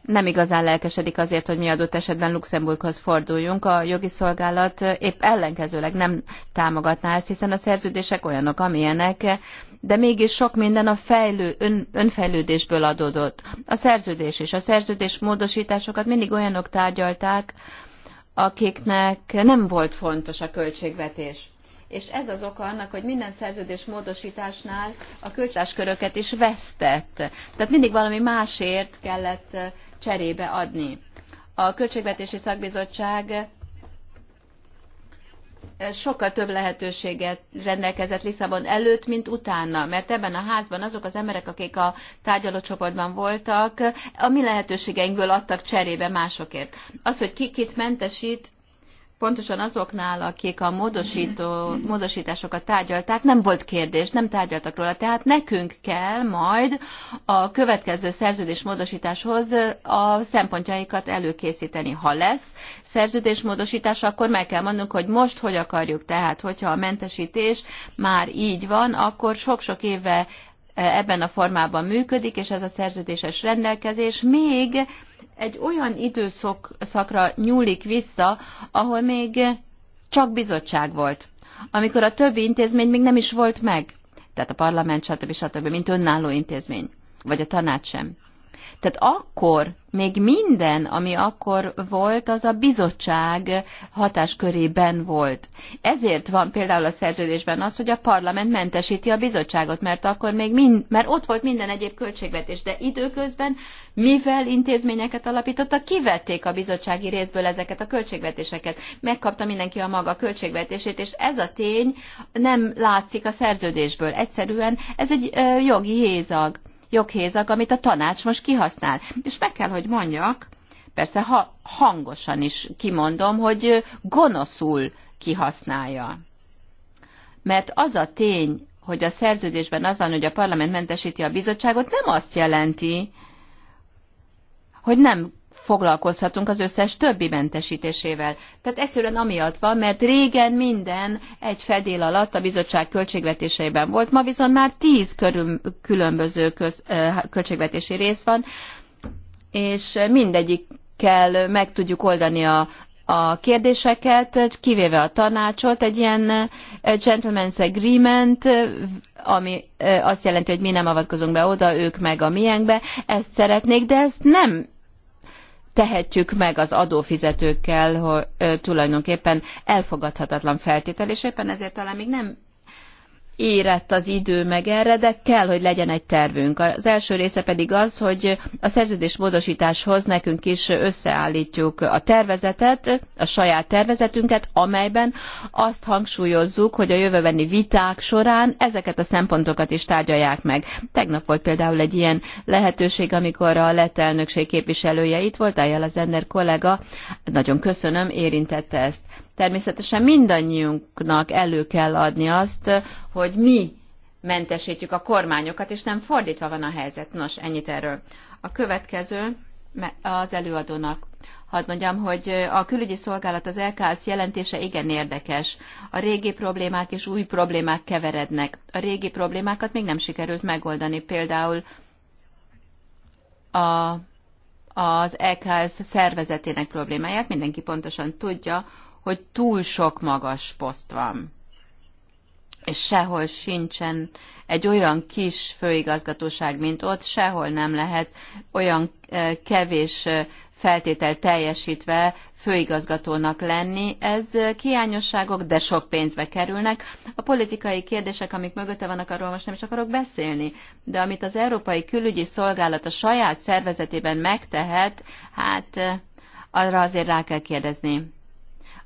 nem igazán lelkesedik azért, hogy mi adott esetben Luxemburghoz forduljunk. A jogi szolgálat épp ellenkezőleg nem támogatná ezt, hiszen a szerződések olyanok, amilyenek, de mégis sok minden a fejlő, ön, önfejlődésből adódott. A szerződés és a szerződés módosításokat mindig olyanok tárgyalták, akiknek nem volt fontos a költségvetés. És ez az oka annak, hogy minden szerződés módosításnál a költásköröket is vesztett. Tehát mindig valami másért kellett cserébe adni. A Költségvetési Szakbizottság sokkal több lehetőséget rendelkezett Lisszabon előtt, mint utána, mert ebben a házban azok az emberek, akik a tárgyalócsoportban voltak, a mi lehetőségeinkből adtak cserébe másokért. Az, hogy ki kit mentesít, pontosan azoknál, akik a módosító, módosításokat tárgyalták, nem volt kérdés, nem tárgyaltak róla. Tehát nekünk kell majd a következő szerződés a szempontjaikat előkészíteni. Ha lesz szerződés akkor meg kell mondnunk, hogy most hogy akarjuk. Tehát, hogyha a mentesítés már így van, akkor sok-sok éve ebben a formában működik, és ez a szerződéses rendelkezés még egy olyan időszakra nyúlik vissza, ahol még csak bizottság volt, amikor a többi intézmény még nem is volt meg. Tehát a parlament, stb. stb. mint önálló intézmény, vagy a tanács sem. Tehát akkor még minden, ami akkor volt, az a bizottság hatáskörében volt. Ezért van például a szerződésben az, hogy a parlament mentesíti a bizottságot, mert akkor még mind, mert ott volt minden egyéb költségvetés, de időközben, mivel intézményeket alapítottak, kivették a bizottsági részből ezeket a költségvetéseket. Megkapta mindenki a maga költségvetését, és ez a tény nem látszik a szerződésből. Egyszerűen ez egy ö, jogi hézag joghézak, amit a tanács most kihasznál. És meg kell, hogy mondjak, persze ha hangosan is kimondom, hogy gonoszul kihasználja. Mert az a tény, hogy a szerződésben az van, hogy a parlament mentesíti a bizottságot, nem azt jelenti, hogy nem foglalkozhatunk az összes többi mentesítésével. Tehát egyszerűen amiatt van, mert régen minden egy fedél alatt a bizottság költségvetéseiben volt, ma viszont már tíz körül, különböző köz, költségvetési rész van, és mindegyikkel meg tudjuk oldani a, a kérdéseket, kivéve a tanácsot, egy ilyen gentleman's agreement, ami azt jelenti, hogy mi nem avatkozunk be oda, ők meg a miénkbe, ezt szeretnék, de ezt nem tehetjük meg az adófizetőkkel, hogy tulajdonképpen elfogadhatatlan feltétel, és éppen ezért talán még nem érett az idő meg erre, de kell, hogy legyen egy tervünk. Az első része pedig az, hogy a szerződés módosításhoz nekünk is összeállítjuk a tervezetet, a saját tervezetünket, amelyben azt hangsúlyozzuk, hogy a jövőbeni viták során ezeket a szempontokat is tárgyalják meg. Tegnap volt például egy ilyen lehetőség, amikor a letelnökség képviselője itt volt, Ayala Zender kollega, nagyon köszönöm, érintette ezt. Természetesen mindannyiunknak elő kell adni azt, hogy mi mentesítjük a kormányokat, és nem fordítva van a helyzet. Nos, ennyit erről. A következő az előadónak. Hadd mondjam, hogy a külügyi szolgálat az LKS jelentése igen érdekes. A régi problémák és új problémák keverednek. A régi problémákat még nem sikerült megoldani, például a, az LKS szervezetének problémáját. Mindenki pontosan tudja, hogy túl sok magas poszt van. És sehol sincsen egy olyan kis főigazgatóság, mint ott, sehol nem lehet olyan e, kevés e, feltétel teljesítve főigazgatónak lenni. Ez e, hiányosságok, de sok pénzbe kerülnek. A politikai kérdések, amik mögötte vannak, arról most nem is akarok beszélni. De amit az Európai Külügyi Szolgálat a saját szervezetében megtehet, hát arra azért rá kell kérdezni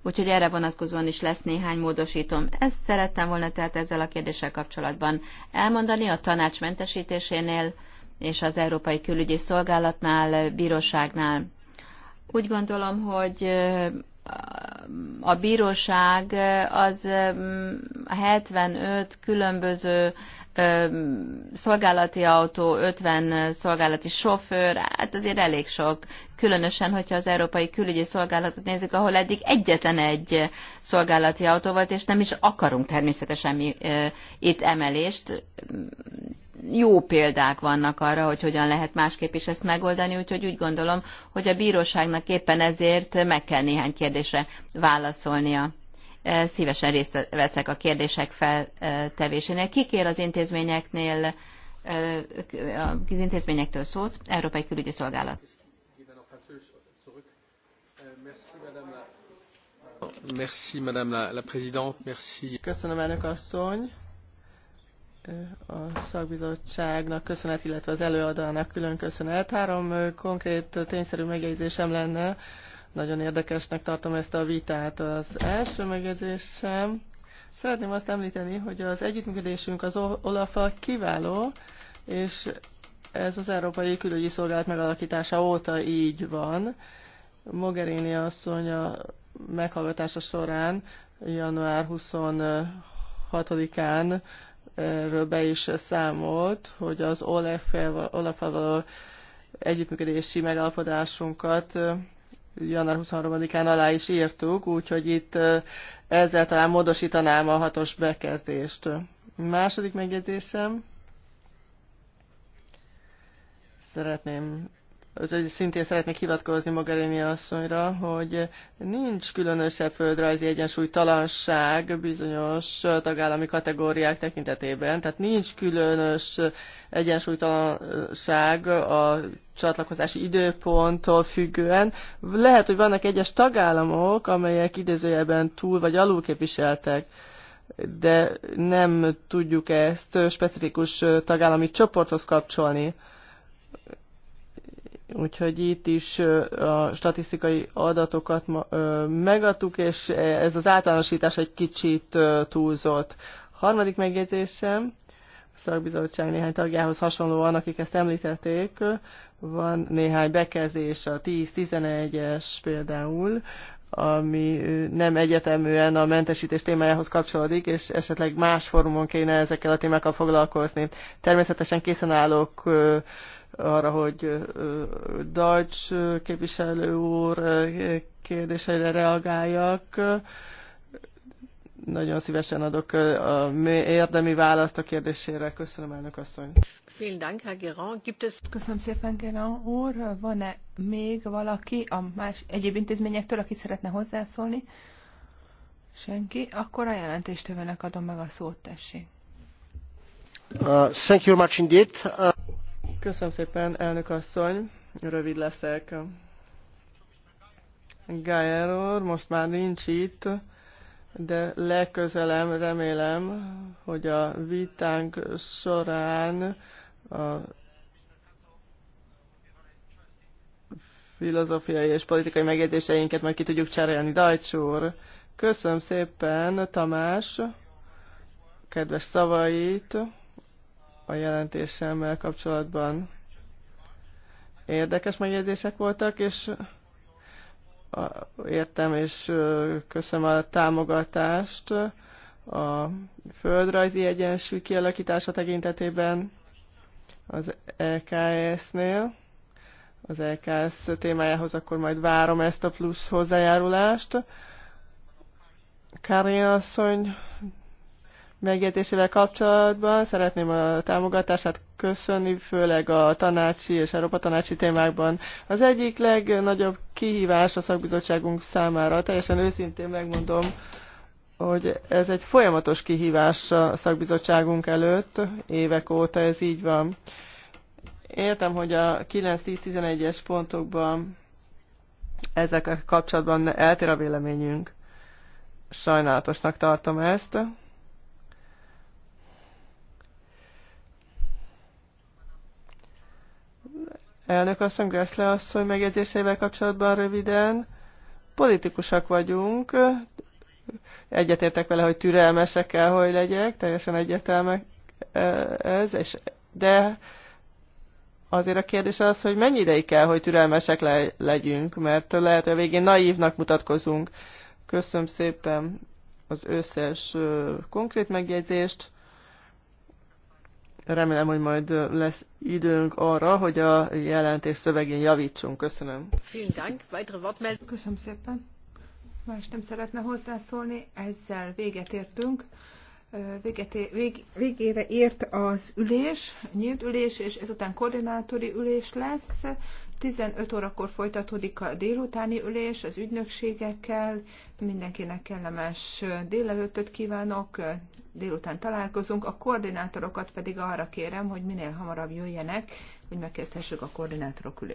úgyhogy erre vonatkozóan is lesz néhány módosítom. Ezt szerettem volna tehát ezzel a kérdéssel kapcsolatban elmondani a tanács mentesítésénél és az Európai Külügyi Szolgálatnál, bíróságnál. Úgy gondolom, hogy a bíróság az 75 különböző szolgálati autó, 50 szolgálati sofőr, hát azért elég sok. Különösen, hogyha az Európai Külügyi Szolgálatot nézzük, ahol eddig egyetlen egy szolgálati autó volt, és nem is akarunk természetesen mi, itt emelést. Jó példák vannak arra, hogy hogyan lehet másképp is ezt megoldani, úgyhogy úgy gondolom, hogy a bíróságnak éppen ezért meg kell néhány kérdésre válaszolnia szívesen részt veszek a kérdések feltevésénél. Ki kér az intézményeknél, az intézményektől szót? Európai Külügyi Szolgálat. Merci, Madame la, Présidente. Merci. Köszönöm, elnök asszony. A szakbizottságnak köszönet, illetve az előadónak külön köszönet. Három konkrét tényszerű megjegyzésem lenne nagyon érdekesnek tartom ezt a vitát. Az első megjegyzésem, szeretném azt említeni, hogy az együttműködésünk az olaf kiváló, és ez az Európai Külügyi Szolgálat megalakítása óta így van. Mogherini asszony a meghallgatása során január 26-án erről be is számolt, hogy az olaf való együttműködési megállapodásunkat január 23-án alá is írtuk, úgyhogy itt ezzel talán módosítanám a hatos bekezdést. Második megjegyzésem. Szeretném Úgyhogy szintén szeretnék hivatkozni Mogherini asszonyra, hogy nincs különösebb földrajzi egyensúlytalanság bizonyos tagállami kategóriák tekintetében, tehát nincs különös egyensúlytalanság a csatlakozási időponttól függően. Lehet, hogy vannak egyes tagállamok, amelyek idézőjelben túl vagy alul képviseltek de nem tudjuk ezt specifikus tagállami csoporthoz kapcsolni Úgyhogy itt is a statisztikai adatokat megadtuk, és ez az általánosítás egy kicsit túlzott. Harmadik megjegyzésem, a szakbizottság néhány tagjához hasonlóan, akik ezt említették, van néhány bekezés, a 10-11-es például, ami nem egyeteműen a mentesítés témájához kapcsolódik, és esetleg más formon kéne ezekkel a témákkal foglalkozni. Természetesen készen állok arra, hogy Deutsch képviselő úr kérdéseire reagáljak. Nagyon szívesen adok a érdemi választ a kérdésére. Köszönöm, elnök asszony. Köszönöm szépen, Gerán úr. Van-e még valaki a más egyéb intézményektől, aki szeretne hozzászólni? Senki? Akkor a jelentéstevőnek adom meg a szót, tessék. Uh, thank you much indeed. Uh... Köszönöm szépen, elnök asszony. Rövid leszek. Gájer most már nincs itt, de legközelem remélem, hogy a vitánk során a filozófiai és politikai megjegyzéseinket majd ki tudjuk cserélni. Dajcs úr, köszönöm szépen Tamás kedves szavait a jelentésemmel kapcsolatban. Érdekes megjegyzések voltak, és értem és köszönöm a támogatást a földrajzi egyensúly kialakítása tekintetében az LKS-nél. E az LKS e témájához akkor majd várom ezt a plusz hozzájárulást. Karin asszony megjegyzésével kapcsolatban szeretném a támogatását köszönni, főleg a tanácsi és Európa tanácsi témákban. Az egyik legnagyobb kihívás a szakbizottságunk számára, teljesen őszintén megmondom, hogy ez egy folyamatos kihívás a szakbizottságunk előtt, évek óta ez így van. Értem, hogy a 9-10-11-es pontokban ezek kapcsolatban eltér a véleményünk. Sajnálatosnak tartom ezt. Elnök asszony, Gressle asszony megjegyzéseivel kapcsolatban röviden. Politikusak vagyunk, egyetértek vele, hogy türelmesek kell, hogy legyek, teljesen egyértelmű ez, és de azért a kérdés az, hogy mennyi ideig kell, hogy türelmesek le, legyünk, mert lehet, hogy a végén naívnak mutatkozunk. Köszönöm szépen az összes konkrét megjegyzést remélem, hogy majd lesz időnk arra, hogy a jelentés szövegén javítsunk. Köszönöm. Köszönöm szépen. Más nem szeretne hozzászólni, ezzel véget értünk. Véget ér, vég, végére ért az ülés, nyílt ülés, és ezután koordinátori ülés lesz. 15 órakor folytatódik a délutáni ülés az ügynökségekkel. Mindenkinek kellemes délelőttöt kívánok, délután találkozunk. A koordinátorokat pedig arra kérem, hogy minél hamarabb jöjjenek, hogy megkezdhessük a koordinátorok ülését.